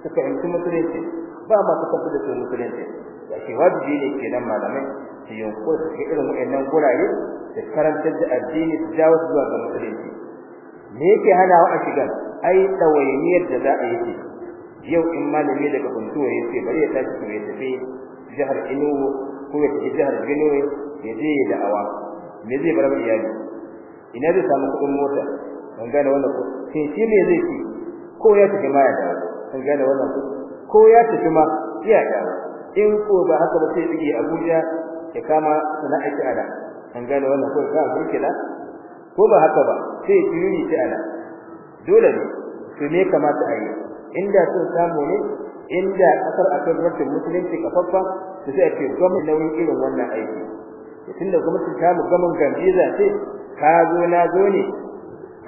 su fahimci musulunci ba masu karta da su musulunci da ke wajibi ne kenan malamai su yunkuri su ga irin waɗannan gurare da karantar da addini su jawo zuwa ga musulunci me yake hanawa a shigar ai ɗawainiyar da za a yi yau in malami daga Bantuwa ya ce bari ya tashi kuma ya tafi jihar Enugu ko ya tafi jihar Benue ya je ya da'awa me zai bar iyali ina zai samu kuɗin mota an gane wannan ko sai shi me zai ci ko ya tafi ma ya dawo an gane wannan ko ko ya tafi ma ya dawo in ko ba haka ba sai tsige Abuja ya kama sana'a ta ala an gane wannan ko ka burke da ko ba haka ba sai tsiri ta ala dole ne to me kamata a yi inda sun samu ne inda kasar akwai gwamnatin musulunci kafaffa su sai ce gwamnati nauyin irin wannan aiki da gwamnati ta mu gaman gambiza ce ka zo na zo ne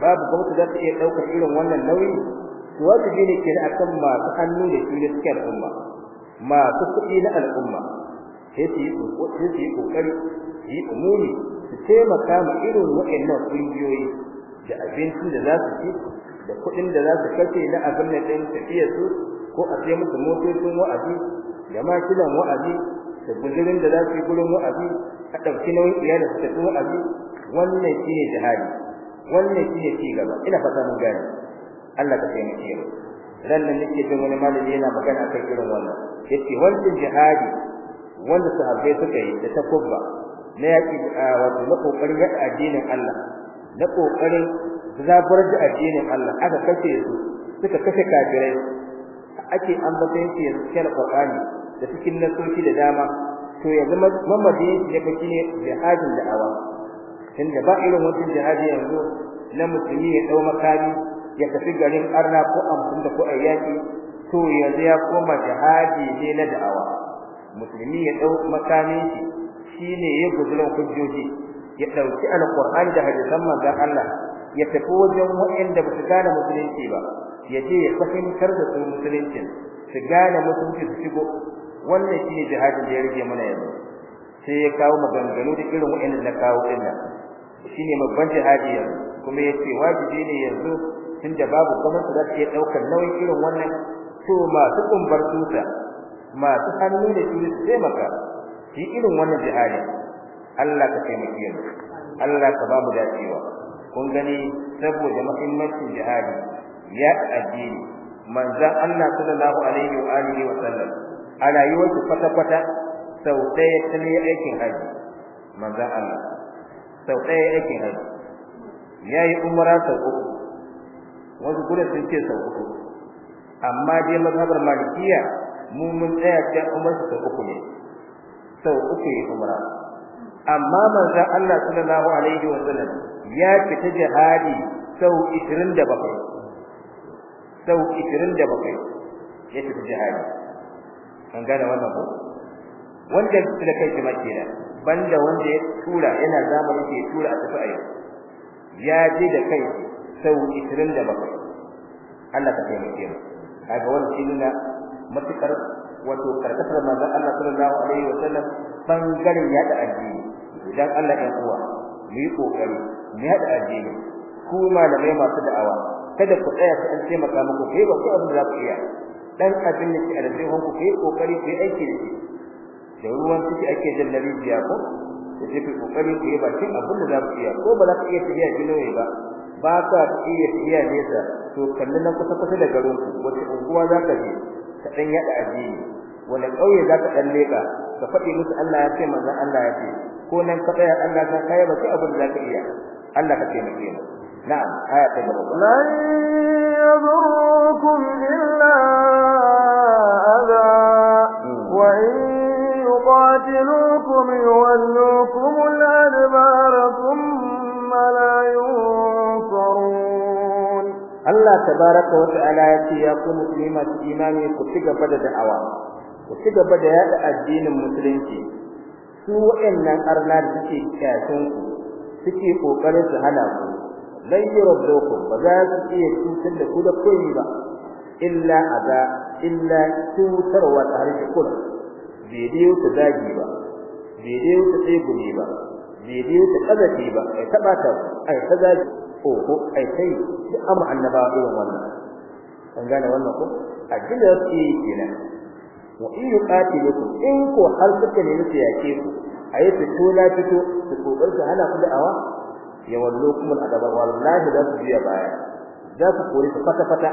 babu gwamnati za ta iya daukar irin wannan nauyi to wato ne ke akan masu hannu da shi ke suke al'umma masu kuɗi na al'umma sai su yi kokari su yi umumi su taimaka ma irin waɗannan ƙungiyoyi da abincin da za su ci da kuɗin da za su kashe na abin da ɗin tafiyar su ko a sai musu motocin wa'azi da kilan wa'azi da guzurin da za su yi gurin wa'azi a ɗauki nauyin iyalin su tafi wa'azi wannan shi ne jihadi wannan shi ne ci gaba ina fata mun gane Allah ka taimake mu ran nan nake jin wani malami yana magana akan irin wannan yace wannan jihadi wanda sahabbai suka yi da takubba na yaki wato na kokarin addinin Allah na kokarin zabar da addinin Allah aka kace su suka kace kafirai ake ambaton shi yanzu cikin Qur'ani da cikin nasoci da dama to ya zama mamadi ne fake da da'awa tunda ba irin wannan jihadi yanzu na musulmi ya dau makami ya tafi garin arna ko amfun da ko ayyaki to yanzu ya koma jihadi ne na da'awa musulmi ya dau makami shine ya gudurin hujjoji ya dauki alqur'ani da hadisan manzon Allah ya tafi wajen waɗanda ba su gane musulunci ba ya je ya fahimtar da su musulunci su gane musulunci su shigo wannan shi ne jihadin da ya rage mana yanzu sai ya kawo maganganu da irin waɗanda na kawo din nan ne babban jihadi yanzu kuma ya ce wajibi ne yanzu tunda babu gwamnati za ta iya ɗaukar nauyin irin wannan to masu kumbar tuta masu hannu da su sai maka shi irin wannan jihadi Allah ka taimake mu Allah ka ba mu dacewa kun gani saboda muhimmancin jihadi ya addini manzon Allah sallallahu alaihi wa alihi wa sallam a rayuwarsa kwata kwata sau ɗaya ta ne aikin haji manzon Allah sau ɗaya aikin haji ya yi umara sau uku wasu gudun sun ce sau uku amma dai mazhabar malikiya mu mun tsaya ta umar sau uku ne sau uku yi umara amma manzon Allah sallallahu alaihi wa sallam ya fita jihadi sau 27 sau 27 ya fita jihadi an gane wannan ko wanda da kai shi makira banda wanda ya tura yana zamani ke tura a tafi ayi ya je da kai sau 27 Allah ta taimake mu kaga wannan shi ne matukar wato karkatar manzon Allah sallallahu alaihi wasallam bangaren ya da addini dan Allah ya kuwa mu yi kokari mai hada addini ku malamai masu da'awa kada ku tsaya ku ce taimaka muku kai ba ku abin da za ku iya dan abin da ke a rayuwar ku kai kokari kai aiki da shi da ruwan ciki ake jallabi biya ko da take kokari kai ba cin abin da za ku iya ko ba za ku iya tafiya ginoye ba ba ka iya tafiya nesa to kallon na kusa kusa da garin ku wace unguwa za ka je ka dan yada addini Wani kauye za ka dan leka ka faɗi musu Allah ya ce manzon Allah ya ce ko nan ka tsaya Allah ka kai ba sai abin da za ka iya Allah ka taimake mu na'am aya ta gaba lan yadurrukum illa
adha hmm. wa in yuqatilukum yuwallukum al-adbar thumma la yunsurun
Allah tabaaraka wa ta'ala yace ya ku muslimat imani ku ci gaba da da'awa ku ci gaba da yada addinin musulunci su wa'annan arna da suke kyashin ku suke kokarin su hana ku lan yurdukum ba za su iya cutar da ku da koyi ba illa aza illa cutarwa ta harshe kun bai dai ku zagi ba bai dai tsegu ne ba bai dai ku kazafi ba ai taba ta ai ta zagi ko ko ai sai duk amma annaba irin wannan an gane wannan ko addinin su kenan wa in yuqatilukum in ko har suka ne su yake ku ayi fito la fito su kokar su hana ku da'awa ya wallo kuma adaba wallahi da su biya baya za su kore su fata fata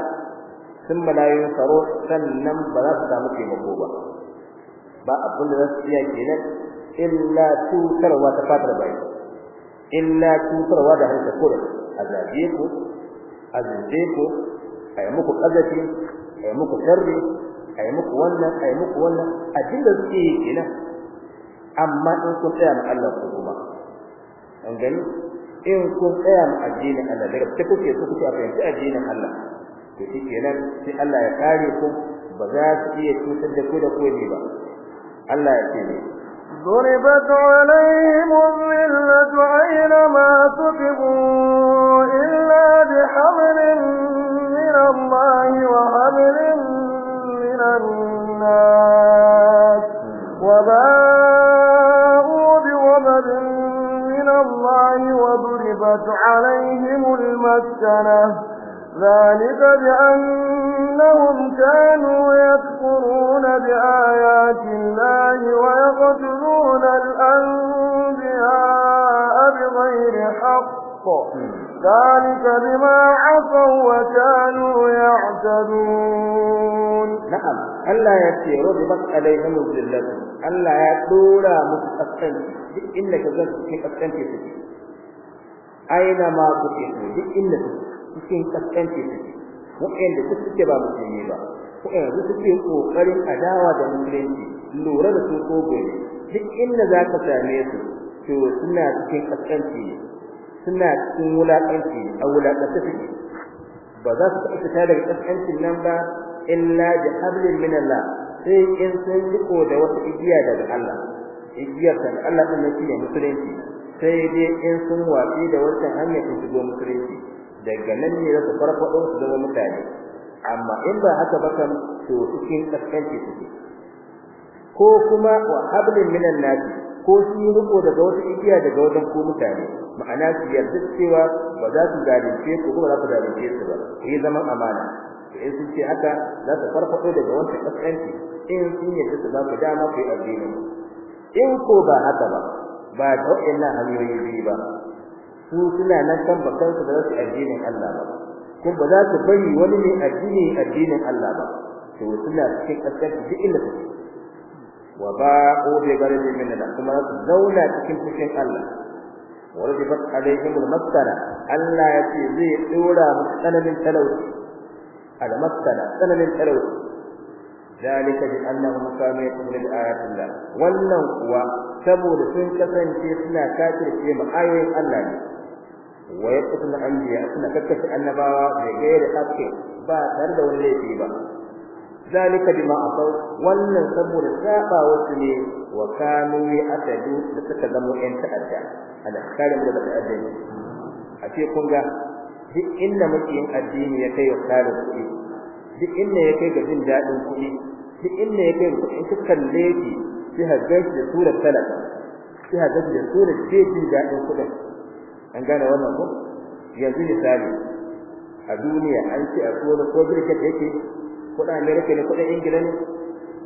sun malayin saro sannan ba za su samu taimako ba ba abin da za su iya kenan illa tutarwa ta fatar bai illa tutarwa da harshe kore azabe ku azabe ku ayi muku kazafi ayi muku sharri ayi muku wannan ayi muku wannan abin da suke kenan amma in ku tsaya ma Allah ku kuma an gani in ku tsaya ma addinin Allah daga ta kuke so kuke fahimci addinin Allah to shikenan sai Allah ya kare ku ba za ku iya cutar da ku da ku ne ba Allah ya ce ne
ضربت عليهم الذلة أينما تقفوا إلا بحبل من الله وحبل من الناس وبارك الله وضربت عليهم المسكنة ذلك بأنهم كانوا يكفرون بآيات الله ويقتلون الأنبياء بغير حق ذلك بما عصوا وكانوا يعتدون
نعم ألا يكفي رضبت عليهم الذلة ألا يدور مستقل إنك ذلك مستقل aina ma kuke duk inda cikin kaskanci wa'anda duk suke ba musulmi ba wa'anda suke kokarin adawa da musulunci lura da su ko gobe duk inda zaka same su to suna cikin kaskanci suna cikin wulakanci a wulakanta ba za su taɓa fita daga kaskancin nan ba illa bi hablin min Allah sai in sun riko da wata igiya daga Allah igiyar da Allah din ne musulunci sai dai in sun watsi da wancan hanyar ta shigo musulunci daga nan ne zasu su zama mutane amma in ba haka ba kan to cikin kaskanci suke ko kuma wa hablin minan nasi ko yi riko daga wata igiya daga wajen ko mutane ma'ana su yarda cewa ba za su zalunce ku ba za su zalunce su ba yi zaman amana in sun ce haka za su farfaɗo daga wancan kaskanci in sun yarda su za ku dama ku yi addini in ko ba haka ba ba da waɗannan hanyoyi biyu ba su suna nan kan bakansu da su addinin Allah ba kuma ba za su bari wani mai addini addinin Allah ba to suna cikin kasar duk inda suke wa ba'u bi garbi min Allah kuma su zauna cikin cikin Allah wa rajibat alaihim al-masara Allah ya ce zai dora musu talauci al-masara tsananin talauci ذلك بأنهم كانوا يكفرون بآيات الله wannan kuwa saboda sun kasance suna kafirce ma ayoyin Allah ne wa yaqtuluna anbiya suna kakkace annabawa da gairi hakke ba tare da wani laifi ba ذلك بما أصوا wannan saboda saba wasu ne wa kanu ya'tadu da suka zama ƴan ta'adda alakarin da ta'adda ne a ce kun ga duk inda muke yin addini ya kai wa karin kuɗi duk inda ya kai ga jin daɗin kuɗi duk inda ya in ka kalle shi sai ha ga shi sura talaka sai ha ga sura jeji da ɗin kuɗin an gane wannan ko yanzu misali a duniya an ce a kowane ko birket yake kuɗin amerika ne kuɗin ingila ne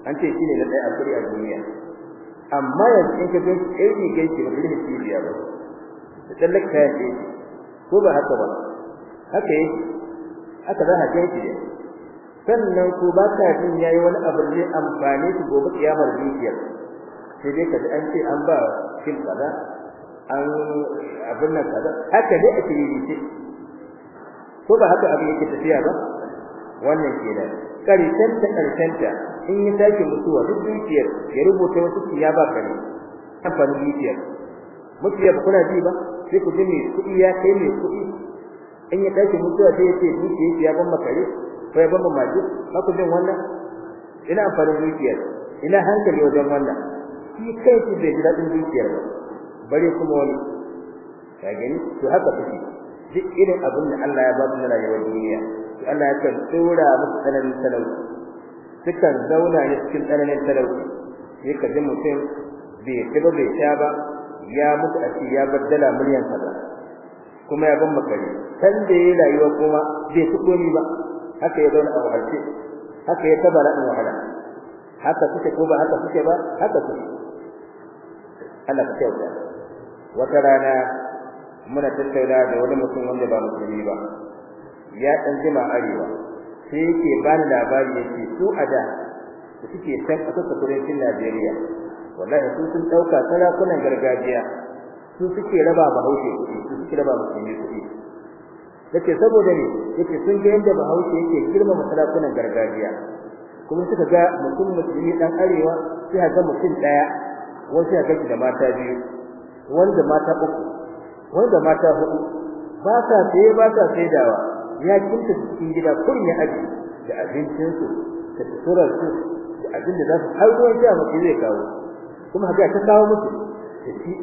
an ce shi ne na ɗaya a kuɗi a duniya amma yanzu in ka gan shi ɗin ba ne shi biya ba da tsallaka ya ce ko ba haka ba haka yake haka za a gan shi sannan ko ba ta jin yayi wani abu ne amfani ki gobe kiyamar dukiya sai dai kaji an ce an ba kin kaza an abin nan kaza haka dai ake yi ce ko ba haka abin yake tafiya ba wannan da, karshen ta karshen ta in ya take mutuwa duk dukiyar ya rubuta wasu ya ba kare amfani dukiya mutiya ba kuna ji ba sai ku ji me kuɗi ya kai me kuɗi in ya take mutuwa sai ya ce dukiya ya ban makare ko ya bamba maji ba ku jin wannan ina amfanin zuciya ina hankali wajen wannan shi kai ki bai ji daɗin zuciya ba bare kuma wani ka gani to haka take duk irin abin da Allah ya ba su na rayuwar duniya to Allah ya kan tsora musu tsananin talauci sukan zauna ne cikin tsananin talauci sai ka ji mutum bai ci bai sha ba ya mutu a ya baddala miliyan ba kuma ya ban kare. san da yi rayuwa kuma bai tuko ni ba haka ya zauna a harshe haka ya tabara in wahala haka suke ko ba haka suke ba haka suke Allah ka kyauta wata rana muna tattauna da wani mutum wanda ba musulmi ba ya dan jima arewa sai yake ba ni labari yake su a da suke san kasa kudancin Najeriya wallahi su sun dauka sarakunan gargajiya su suke raba bahaushe hausa su suke raba musulmi kuɗi yake saboda ne yake sun ga yanda Bahaushe yake girmama sarakunan gargajiya kuma suka ga mutum musulmi dan arewa sai ga mutum daya wani sai ga da mata biyu wanda mata uku wanda mata hudu ba sa sai ba sa sai dawa ya kinta cikin gida kurmi aji da abincin su da turar su da abin da za su har ruwan sha mutum zai kawo kuma haka ta kawo musu shi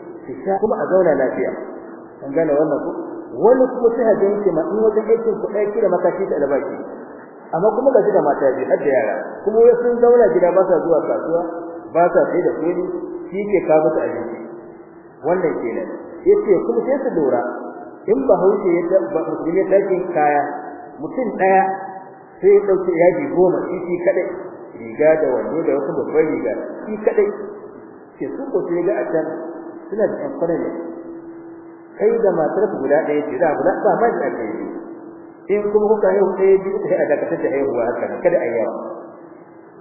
kuma a zauna lafiya an gane wannan ku wani kuma sai ha ganke ma in wajen aikin ku ɗaya kira makashi da albashi amma kuma ga da mata bi har da yara kuma ya sun zauna gida ba sa zuwa kasuwa ba sa sai da kuɗi shi ke kawo a abinci wannan kenan yace kuma sai su lura in ba hauce ya da musulmi dakin kaya mutum ɗaya sai ya yaji goma shi shi kadai riga da wando da wata babbar riga shi kadai ke su ko sai ga a can suna da ne kai da matar ku guda ɗaya ce za ku ba ma da kai in kuma kuka yi ɗaya biyu sai a dakatar da haihuwa haka kada a yawa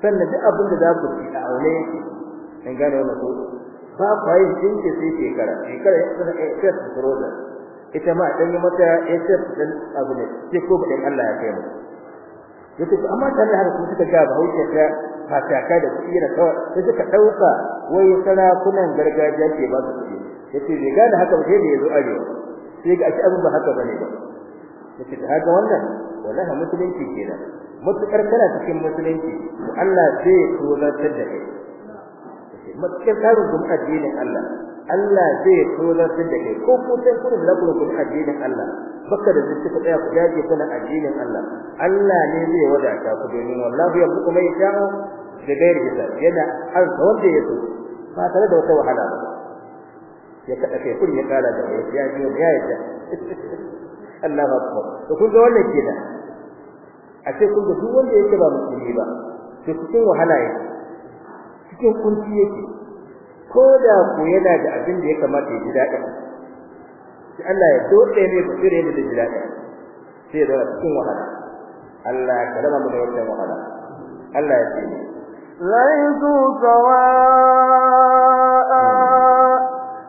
sannan duk abin da za ku ci a aure in gane wannan ko ba ku yi jinki sai shekara shekara ya tsara ya tsara tsoro ita ma dan yi mata ya tsara dan abu ne sai ko ba dan Allah ya kai mu yace amma dan har ku suka ga bahaushe ta fataka da tsira kawai sai suka dauka wai sarakunan gargajiya ke ba su yace bai gane haka ba sai da yazo aje sai ga shi abin ba haka bane ba yace da haka wannan wallahi musulunci kenan mutukar kana cikin musulunci Allah zai tozartar da kai mutukar karu gum addinin Allah Allah zai tozartar da kai ko ko sai kun labu gum addinin Allah baka da zuci ka tsaya ku dage kana addinin Allah Allah ne zai wadata ku domin wallahi ya kuma ya da gairi da yana arzawar da ya so ba tare da wata wahala ba ya kada kai kun ya kala da ya ji ya yadda Allahu akbar to kun ga wannan kenan a ce kun ga duk wanda yake ba musulmi ba to cikin wahala yake cikin kunci yake ko da ku yana da abin da ya kamata ya ji daɗi sai Allah ya dole ne ku tsire da ji daɗi sai da cikin wahala Allah ya kalama mu da wannan wahala Allah ya ce
laisu sawaa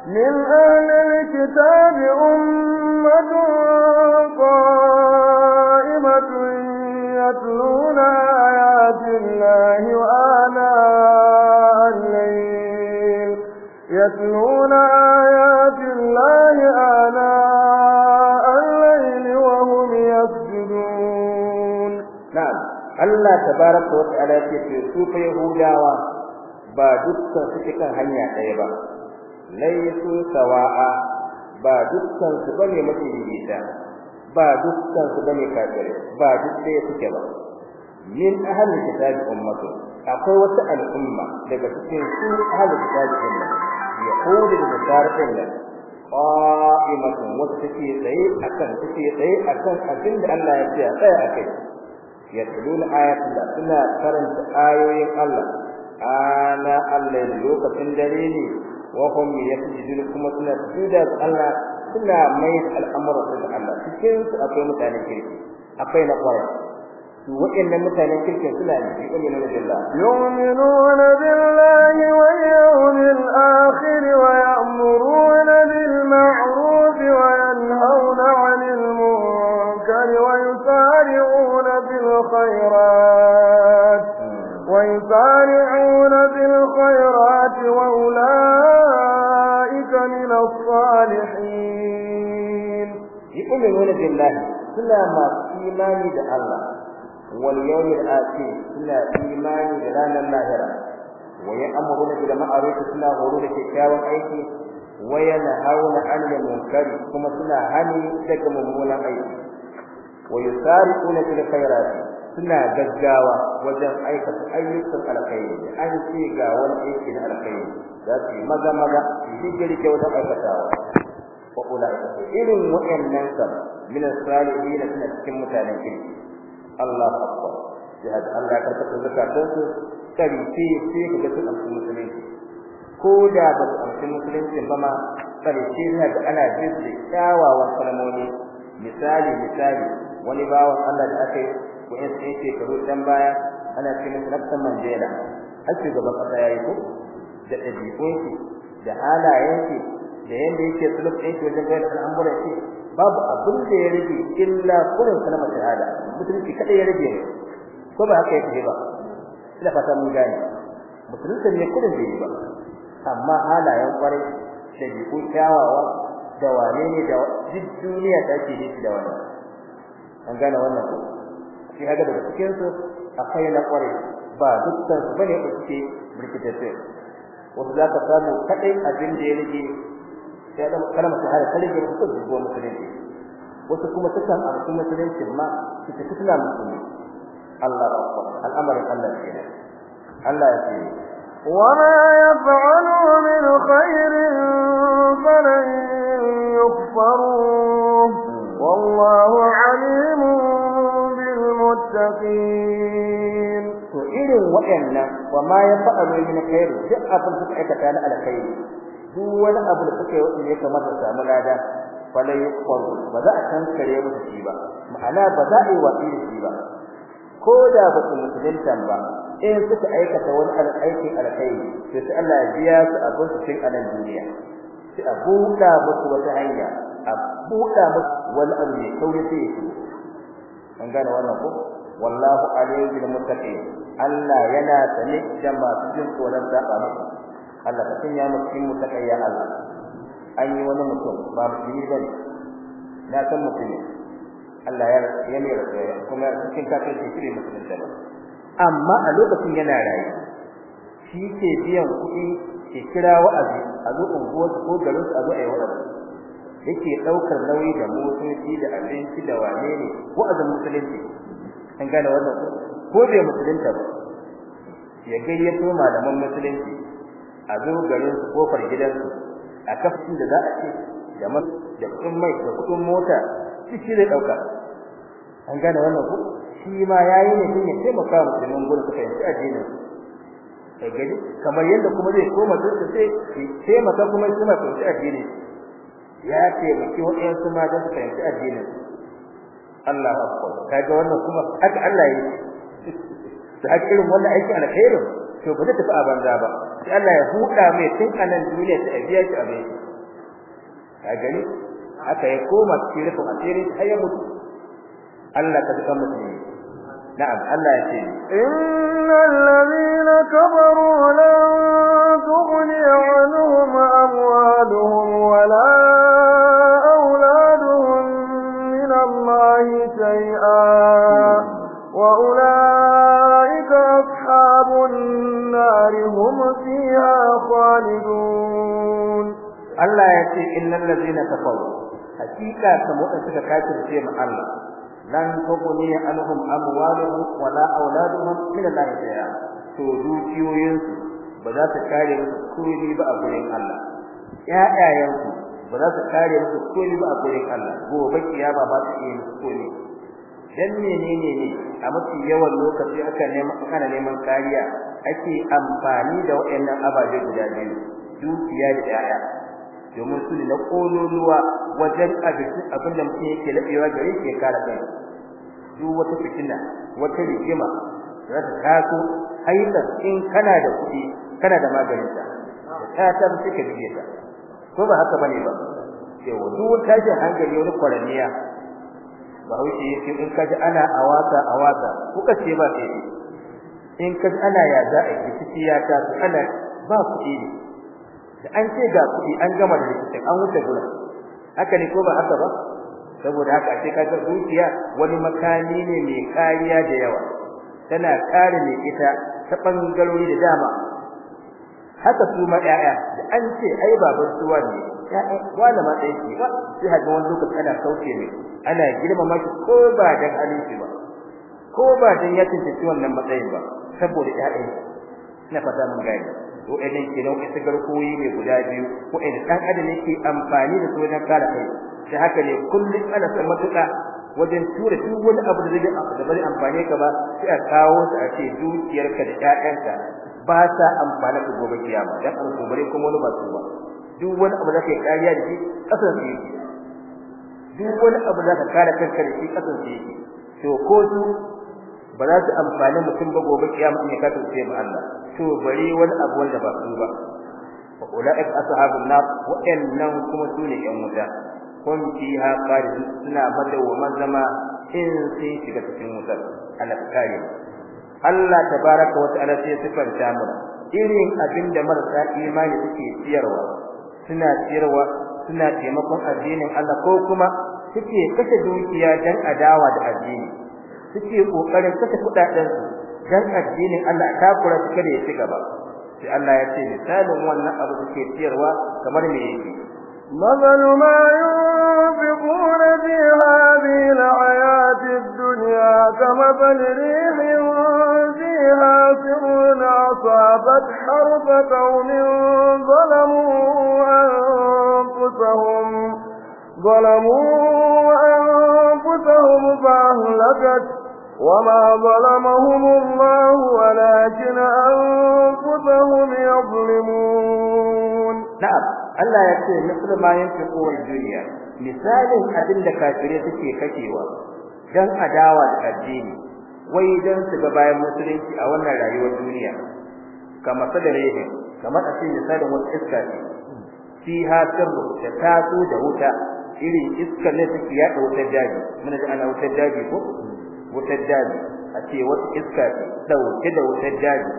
من أهل الكتاب أمة قائمة يتلون آيات الله وآناء الليل يتلون آيات الله آناء الليل وهم يسجدون
نعم الله تبارك وتعالى في سوق يهودا ba dukkan su cikin hanya ɗaya ba laysu sawa'a ba dukkan su bane mutubita ba dukkan su bane kafire ba duk da suke ba min ahli kitab ummatu akwai wata al'umma daga cikin su ahli kitab umma yahudu da nasara din qa'imatun wata take tsaye akan take tsaye akan abin da Allah ya ce a tsaya akai yatlun ayatullah suna karanta ayoyin Allah ana Allah lokacin dare ne وهم يسجدون كما تنا سجود الله كنا ميت الأمر رسول الله سجدين أقيم تاني كريم أقيم أقوال وإن لم تاني كريم سلا يؤمنون بالله يؤمنون بالله
ويوم الآخر ويأمرون بالمعروف وينهون عن المنكر ويسارعون بالخيرات ويسارعون بالخيرات وأولئك من الصالحين
يؤمنون بالله سنا ما إيماني بالله واليوم الآخر سنا إيماني بلان اللاهرة ويأمرون بالمعروف سنا غرور كتاب أيدي وينهون عن المنكر ثم سنا هني تكمل مولا أيدي ويسارقون في الخيرات suna gaggawa wajen aikata ayyukan alkhairi an ce ga wani aiki na alkhairi za su yi maza maza su girke wajen aikatawa wa ulaika irin wa'annan kam min as-salihin suna cikin mutanen kirki Allah akbar jihad Allah ka tafi zakatun su kari ce sai ka ga su amsu musulunci ko da ba su amsu musulunci ba ma kari ce suna da ana jin kyawawan kalmomi misali misali wani bawan Allah da aka wa'in sai shekaru can baya ana ce masa nafsan manjela har shugaban kasa yi ko da ɗabi'unki da halayenki da yadda yake suluf ɗin shi wajen gayar al'amuran ce babu abin da ya rage illa kurin kalmar shahada musulunci kaɗai ya rage ne ko ba haka fi ba ina fata mun gane musulunci ne kurin da yi ba amma halayen kwarai jiko kyawawa da wane ne da duk duniya ta ke da shi da wani an gane wannan ko shi ga daga cikin su akwai na kware ba dukkan su bane da suke birkitace wasu za ka samu kadai abin da ya rage sai da kalmar shahada ta rage su zuwa musulunci wato kuma a cikin musulunci ma su ta suna musulmi Allah akbar al'amari Allah kenan Allah ya ce
وما يفعلوا من خير فلن يكفروه والله عليم
للمتقين to irin waɗannan wa ma ya fa'alu min khair duk abin suka aikata na alkhairi duk wani abu da suka yi wanda ya kamata su samu lada fala yuqbalu ba za a tankare musu shi ba ma'ana ba za a yi watsi da shi ba ko da ba su musulunta ba in suka aikata wani alƙaiki alkhairi sai su abin su anan duniya sai a buɗa wata hanya a wani abu mai sai an gane wannan ko wallahu alayhi bil muttaqin Allah yana sane da masu jin tsoron ba masa Allah ka tunya mu cikin mutakayya Allah an yi wani mutum ba mu yi bane na san mutum Allah ya ya ne kuma cikin kafin shi ne cikin da amma a lokacin yana rayu shi ke biyan kuɗi ke kira wa'azi a zo unguwarsu ko garinsu a zo a wa'azi yake daukar nauyi da motoci da abinci da wane ne wa'azin musulunci an gane wannan ko bai musulunta ba ya gayyato malaman musulunci a zo garin su kofar gidansu a kafin da za a ce da man da kudin mai da kudin mota shi shi zai dauka an gane wannan ko shi ma yayi ne din ya taimaka wa musulmin gurin suka yi addinin kai gani kamar yadda kuma zai koma dukkan sai mata kuma kuma su ajini ya taimaki waɗansu ma da su fahimci addinin Allah akbar kaga wannan kuma haka Allah yi da haka wannan aiki alkhairu to ba zai tafi a banza ba sai Allah ya huda mai tun anan duniya ta abiya ki abai ka gani haka ya koma cikin rufin asiri har ya mutu Allah ka dukan musulmi na'am Allah ya ce innal ladina kafaru lan tughni
anhum amwal
hakika kamar da suka kafirce mu Allah lan tuqni anhum amwaluhum wala auladuhum min al ta'ala to dukiyoyin su ba za ta kare musu komai ba a gurin Allah ƴaƴayen su ba za ta kare musu komai ba a gurin Allah gobe kiyama ba ta yi musu komai dan menene ne a mafi yawan lokaci aka neman kana neman kariya ake amfani da waɗannan ababe guda biyu dukiya da ƴaƴa domin su ne na kololuwa wajen abin da mutum yake labewa gare shi ya kare kai duk wata fitina wata rigima za ta taso aidan in kana da kuɗi kana da magani ta ta ta bi ka dige ta ko ba haka bane ba cewa duk wata jin hankali wani kwaraniya bahaushe yake in ka ji ana awaka awaka kuka ce ba sai in ka ji ana ya za a yi ciki ya ta ana ba kuɗi ne da an ce ga kuɗi an gama da rikicin an wuce gura haka ne ko ba haka ba saboda haka sai ka ta zuciya wani makami ne mai kariya da yawa tana kare ne ita ta bangarori da dama haka su ma 'ya'ya da an ce ai baban su wani wala ma dai ne ba sai haka wani lokaci ana sauke ne ana girmama shi ko ba dan alinci ba ko ba dan ya tuntuci wannan matsayin ba saboda 'ya'yan na fata mun gani wa'annan ke nan wasu garkuwoyi ne guda biyu wa'anda dan adam yake amfani da su wajen kare kai shi haka ne kullum ana san matuƙa wajen tura duk wani abu da zai da bari amfane ka ba sai a kawo su a ce dukiyarka da ƴaƴanka ba sa amfana ka gobe kiyama dan an bari kuma wani ba su ba duk wani abu da kai kariya da shi kasan shi duk wani abu da ka kare kanka da shi kasan shi to ko duk ba za su amfani mutum ba gobe kiyama in ya kasance ba Allah to bari wani abu wanda ba su ba fa ulaik ashabun nar wa'annan kuma su yan wuta kun ha qarid suna madawwaman mazama in sai shiga cikin wutar Allah Allah tabaraka wa ta'ala sai sifar mu irin abinda marasa imani suke tiyarwa suna tiyarwa suna taimakon addinin Allah ko kuma suke kashe dukiya dan adawa da addini suke kokarin saka kudaden su dan addinin Allah ta kura suka da yake gaba sai Allah ya ce misalin wannan abu suke tiyarwa kamar me yake مثل ما
ينفقون في هذه الحياة الدنيا كمثل ريح فيها سر أصابت حرب قوم ظلموا أنفسهم ظلموا أنفسهم فأهلكت وما ظلمهم الله ولكن أنفسهم
يظلمون نعم الله يكفي مثل ما ينفقوا الدنيا مثال أدلة كافرية في كشيوة dan adawa da addini wai dan su bayan musulunci a wannan rayuwar duniya kamar sadare kamar a cikin misalin wata iska ce fiha sirru da tatsu da wuta irin iskar ne take yaɗa wutar daji muna da ana wutar daji ko wutar daji a ce wata iska ce dauke da wutar daji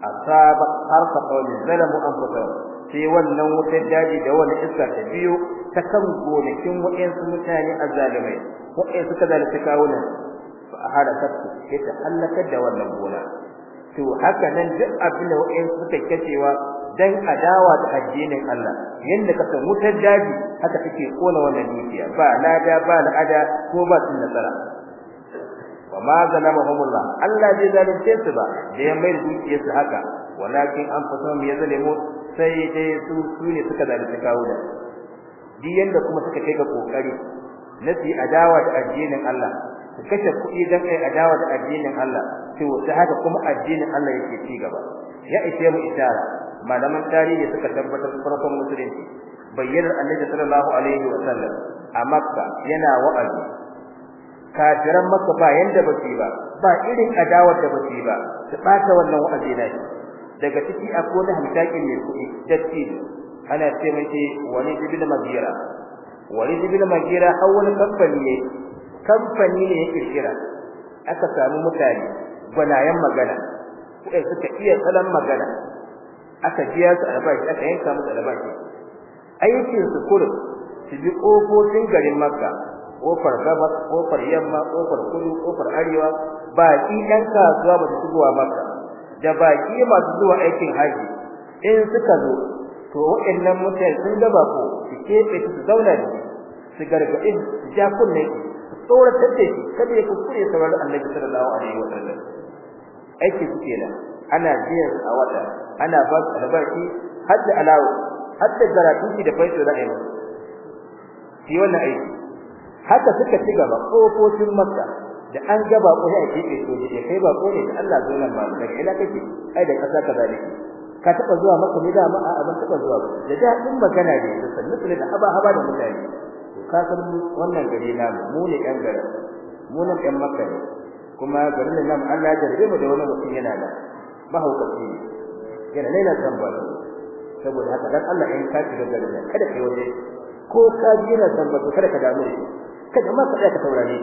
a asaba harfa qawli zalamu fata sai wannan wutar daji da wani iska ta biyo ta kan gonakin wayansu mutane a azzalimai wayansu kazalika kawuna fa halakatu sai ta halakar da wannan gona to haka nan duk abin da wayansu suka kacewa dan adawa da addinin Allah yanda ka san wutar daji haka take kona wannan dukiya ba lada ba la'ada ko ba tun nasara wa ma zalamahumullah Allah bai zalunce su ba da ya mai da su haka walakin an fata mu ya zalemu sai dai su su ne suka zalunci kawo da di yanda kuma suka kai ga kokari nasi adawa da addinin Allah su kashe kuɗi don kai adawa da addinin Allah to ta haka kuma addinin Allah yake ci gaba ya ishe mu isara malaman tarihi suka tabbatar farkon musulunci bayyana annabi sallallahu alaihi wa a makka yana wa'azi kafiran maka ba yanda ba ba ba irin adawar da ba ba su bata wannan wa'azi na daga ciki akwai wani hantakin ne ku ana ce mai wani jibil magira wani jibil magira har kamfani ne kamfani ne ya ƙirƙira. aka samu mutane gwanayen magana kuɗin suka iya salon magana aka jiya su albashi aka yanka musu albashi aikin su kurin su bi kofofin garin makka kofar gabas kofar yamma kofar kudu kofar arewa baki ɗan kasuwa ba su zuwa makka da baki masu zuwa aikin haji in suka zo to waɗannan mutane sun gaba ko su kefe su zauna da su gargaɗi su ja kunne su tsora da shi kada ya kuskure sauraron annabi sallallahu alaihi wa sallam aiki suke nan, ana biyan a wata ana ba su albarki har da alawo har da garatuki da faito da aiki shi wannan aiki haka suka ci gaba kofofin makka da an gaba ko ya kike so ne kai ba ko ne da Allah zo nan ba daga ina kake ai da kasa ka zaliki ka taba zuwa maka ne da ma a ban taba zuwa ba da da din magana ne da sannu da aba haba da mutane ka san wannan gari na mu ne kan gari mu ne kan makka ne kuma garin nan Allah ya jarbe mu da wani mutum yana da mahaukaci yana laila zamba saboda haka dan Allah in ka shiga garin kada kai waje ko ka jira zamba kada ka damu kada ma ka ka taurare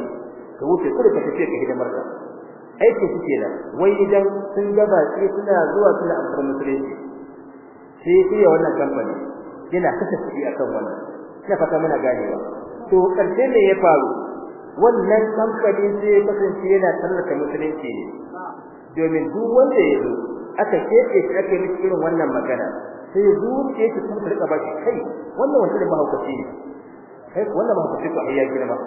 ka wuce kada ka tafi ka hidimar ka aiki su da wai idan sun gaba sai suna zuwa suna amfani musulunci sai iya wannan kamfani yana kasa a kan wannan na fata muna ganewa to karshe ne ya faru wannan kamfani sai kasance yana tallata musulunci ne domin duk wanda ya zo aka keke shi ake miki irin wannan magana sai ke ta kuma ta ba shi kai wannan wanda da mahaukaci ne kai wannan ba ku fito hayya girma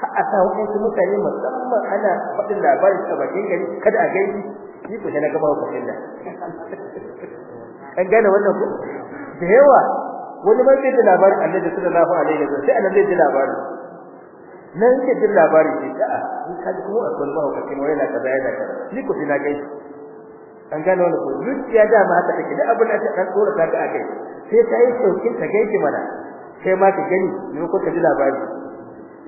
a sa su mutane musamman ana faɗin labarin ta bakin gari kada a gani shi ku na gaba ku kinda an gane wannan ku da yawa wani ba zai da labarin Annabi sallallahu alaihi wasallam sai Annabi da labarin nan ke da labarin shi da in ka ji kuma akwai ba ku wani yana kaza da kaza ni ku na gani an gane wannan ku zuciya da ma haka take da abin da ta dan tsora ta ga akai sai ta yi saukin ta gaishe mana Sai ma ka gani ne ko ka ji labari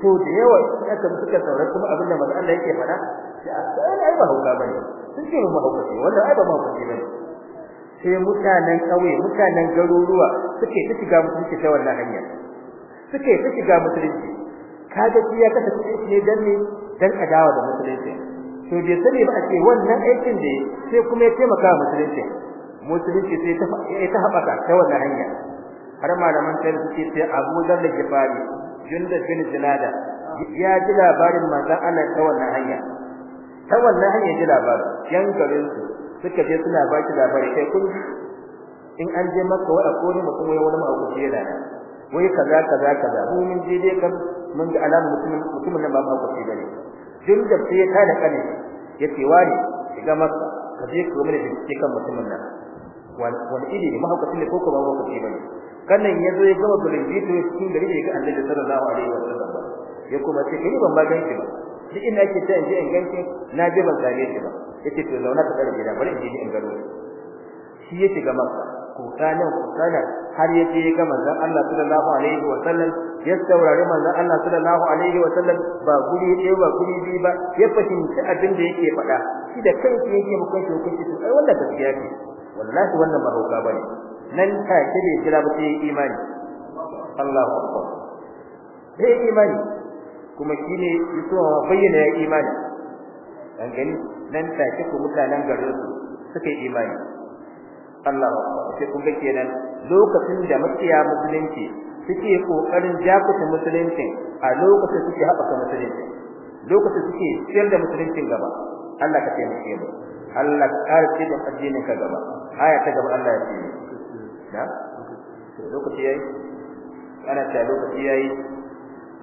to da yawa aka suka saurari kuma abin da manzo Allah yake faɗa sai an ai ba hauka bane sun ce ba hauka ne wannan ai ba ma hauka bane sai mutanen kauye mutanen garuruwa suke ta shiga suke ta wannan hanya suke ta shiga musulunci kaga shi ya kasa kuɗi ne dan ne dan dawo da musulunci to bai sani ba ake ce wannan aikin da sai kuma ya taimaka musulunci musulunci sai ta ta haɓaka ta wannan hanya har malaman sai suke sai Abu Dharr al-Ghifari Jundar bin Zinada ya ji labarin manzon Allah ta wannan hanya ta wannan hanya ji labarin yan garin su suka je suna baki ki labari kai kun in an je maka wa akwai mutum wai wani mahaukaci yana wai kaza kaza kaza mu mun je dai kan mun ga alamu mutum mutum nan ba mahaukaci bane Jundar sai ya tada kane yace wani shiga maka ka je ka mun da kan mutumin nan wani iri ne mahaukacin ne ko ko ba mahaukaci bane kannan ya zo ya gama bulunji to cikin gari da ya annabi sallallahu alaihi wasallam ya kuma ce kai ban ba ganki ba duk ina ke ta inje in ganki na ji ban gane ki ba yace to zauna ka tsare gida bari in je in gano shi ya nan ko ta nan, har yaje ya ga manzon Allah sallallahu alaihi wasallam ya saurari manzon Allah sallallahu alaihi wasallam ba guri ɗaya ba guri biyu ba ya fahimci abin da yake faɗa shi da kanki yake ko hukunci to ai wannan gaskiya ce wallahi wannan ba hauka bane nan take ne kira ba sai imani Allahu akbar sai imani kuma kine yusuf bayyana ya imani dan gani nan take ku mutanen garin su suka yi imani Allahu akbar sai kun ga kenan lokacin da makiya musulunci suke kokarin jakuta musulunci a lokacin suke haɓaka musulunci lokacin suke ciyar da musuluncin gaba Allah ka taimake mu Allah ka kare da addinin ka gaba aya ta gaba Allah ya taimake na lokaci yayi ana ta lokaci yayi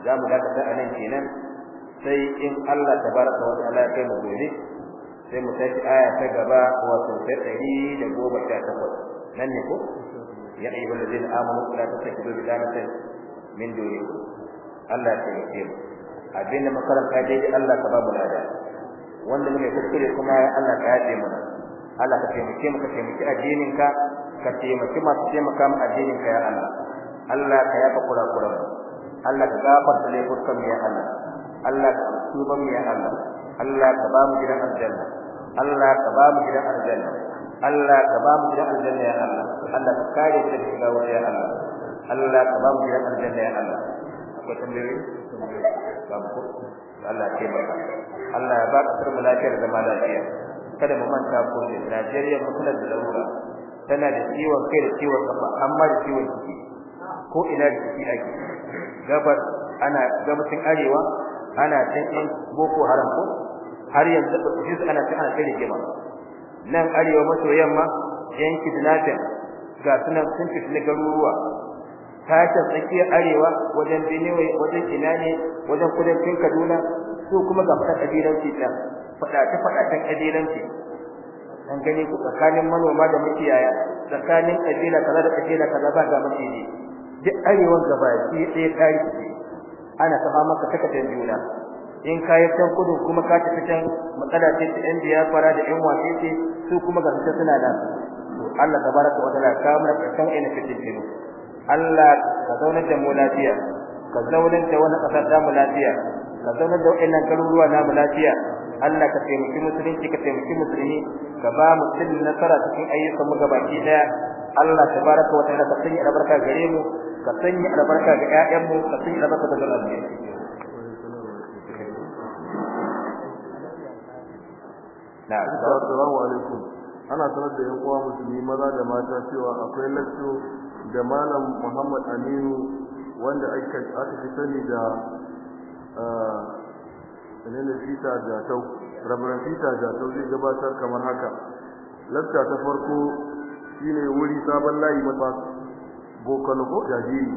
za mu dakata a nan kenan sai in Allah tabaraka wa ta'ala ya kai mu gobe sai mu tafi aya ta gaba wato ta 118 nan ne ko ya ayyuha allazina amanu la tattakhidhu bidanatan min duni Allah ya taimake mu abin da makaranta dai Allah ka ba mu lada wanda muke kuskure kuma Allah ka yafe mana Allah ka taimake mu ka taimaki addinin ka ka taimaki masu taimaka ma addinin ka ya Allah Allah ka yafa kurakuran Allah ka da laifukan mu ya Allah Allah ka tuba mu ya Allah Allah ka ba mu gidan aljanna Allah ka ba mu gidan aljanna Allah ka ba mu gidan aljanna ya Allah Allah ka kare mu daga shiga ya Allah Allah ka ba mu gidan aljanna ya Allah akwai tambayoyi ba ku Allah ya taimaka Allah ya ba ka turmi lafiya da zama lafiya kada mu manta ko Najeriya mu kula da laura tana da ciwon kai da ciwon kafa amma da ciwon ciki ko ina da ciki ake gabar ana gabacin arewa ana cin boko haram ko har yanzu da kujis ana cin ana tsare gima nan arewa maso yamma yanki dinatin ga sunan sun fitna garuruwa ta tsakiyar arewa wajen Benue wajen Kinane wajen kudancin Kaduna su kuma ga fada kabilanci ta fada ta fada ta kabilanci An gani ku tsakanin manoma da makiyaya tsakanin kabila kaza da kabila kaza ba ga maciji duk arewan gabaki ɗaya tarihi ce ana saba maka takatan juna in kai can kudu kuma ka tafi can matsala ce ta indiya fara da yan wace ce su kuma ga suna da to Allah tabaraka wa ta'ala ka mana kasan ina fitin jiro Allah ka zauna da mu lafiya ka zauna da wani kasar da mu lafiya ka zauna da wayannan garuruwa na mu lafiya Allah ka taimaki musulunci ka taimaki musulmi ka ba mutum nasara cikin ayyukan mu gabaki daya Allah tabaraka wa ta'ala ka sanya albarka gare mu ka sanya albarka ga ƴaƴan mu ka sanya albarka ga zuriyar mu. assalamu alaikum ana sanar da yan uwa musulmi maza da mata cewa akwai lecture da malam Muhammad Aminu wanda aka aka sani da ah, sanele fita jatau ramran fita jatau zai gabatar kamar haka lakta ta farko shine wuri sabon layi mata Bokan ko jajiri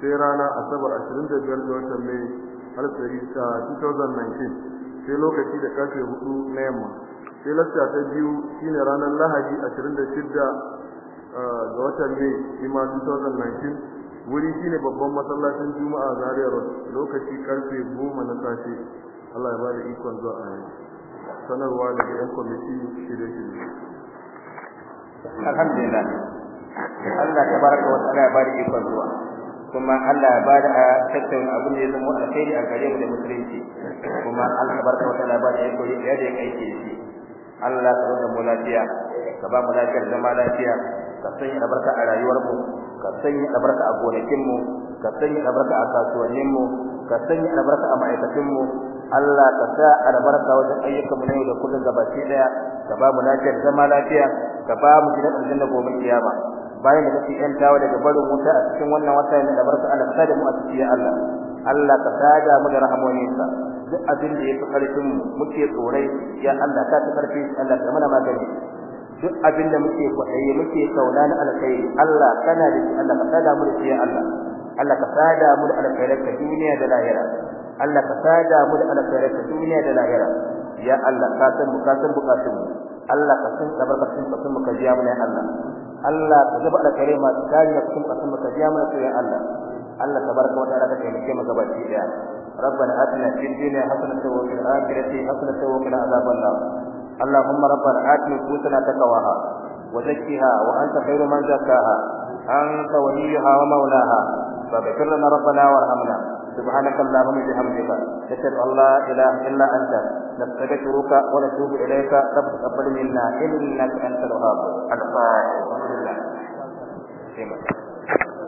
sai rana asabar 25 ga watan mai har sai 2019 sai lokaci da karfe hudu na yamma sai lakta ta biyu shine ranar lahadi 26 eh, ga watan mai ima 2019 wuri shine babban masallacin juma'a zaria road lokaci karfe goma na safe allah ya ba da ikon zuwa a yanzu sanarwa daga yan kwamiti shirye-shirye alhamdulillah allah ta baraka wa ta'ala ya ba da ikon zuwa kuma Allah ba da tattauna abin da ya zama kai a gare mu da musulunci kuma Allah baraka wa ta'ala ba da yadda ya da ke shi Allah ka roƙa mu lafiya ka ba mu lafiyar zama lafiya ka sanya albarka a rayuwar mu ka sanya albarka a gonakinmu, ka sanya albarka a kasuwannin mu ka sanya albarka a ma'aikatan mu Allah ka sa albarka wajen ayyuka mu yau da kullun gabaki daya ka ba mu lafiyar zama lafiya ka ba mu gidan aljanna gobe kiyama bayan da kake yan tawa daga barin wuta a cikin wannan wata ne da barka Allah da mu a cikin Allah Allah ka sada mu da rahmoninka duk abin da yake karfin mu muke tsorai ya Allah ka ta karfi Allah ka mana magani duk abinda muke kwaɗayi muke kauna na alkhairi Allah kana da shi Allah ka sada mu da shi Allah Allah ka sada mu da alkhairar duniya da lahira Allah ka sada mu da alkhairar duniya da lahira ya Allah ka san mu ka san bukatun mu Allah ka san tabarkatun kasan mu ka jiya mu ya Allah Allah ka zuba alkhairai masu kariya kasan kasan mu ka jiya mu ya Allah Allah tabaraka wa ta'ala ka taimake mu gabaki daya ربنا آتنا في الدنيا حسنة وفي الآخرة حسنة وقنا عذاب النار اللهم ربنا آت نفوسنا تقواها وزكها وأنت خير من زكاها أنت وليها ومولاها فاغفر لنا ربنا وارحمنا سبحانك اللهم بحمدك نشهد ان لا اله الا انت نستغفرك ونتوب اليك تقبل منا انك انت الوهاب الفاتحه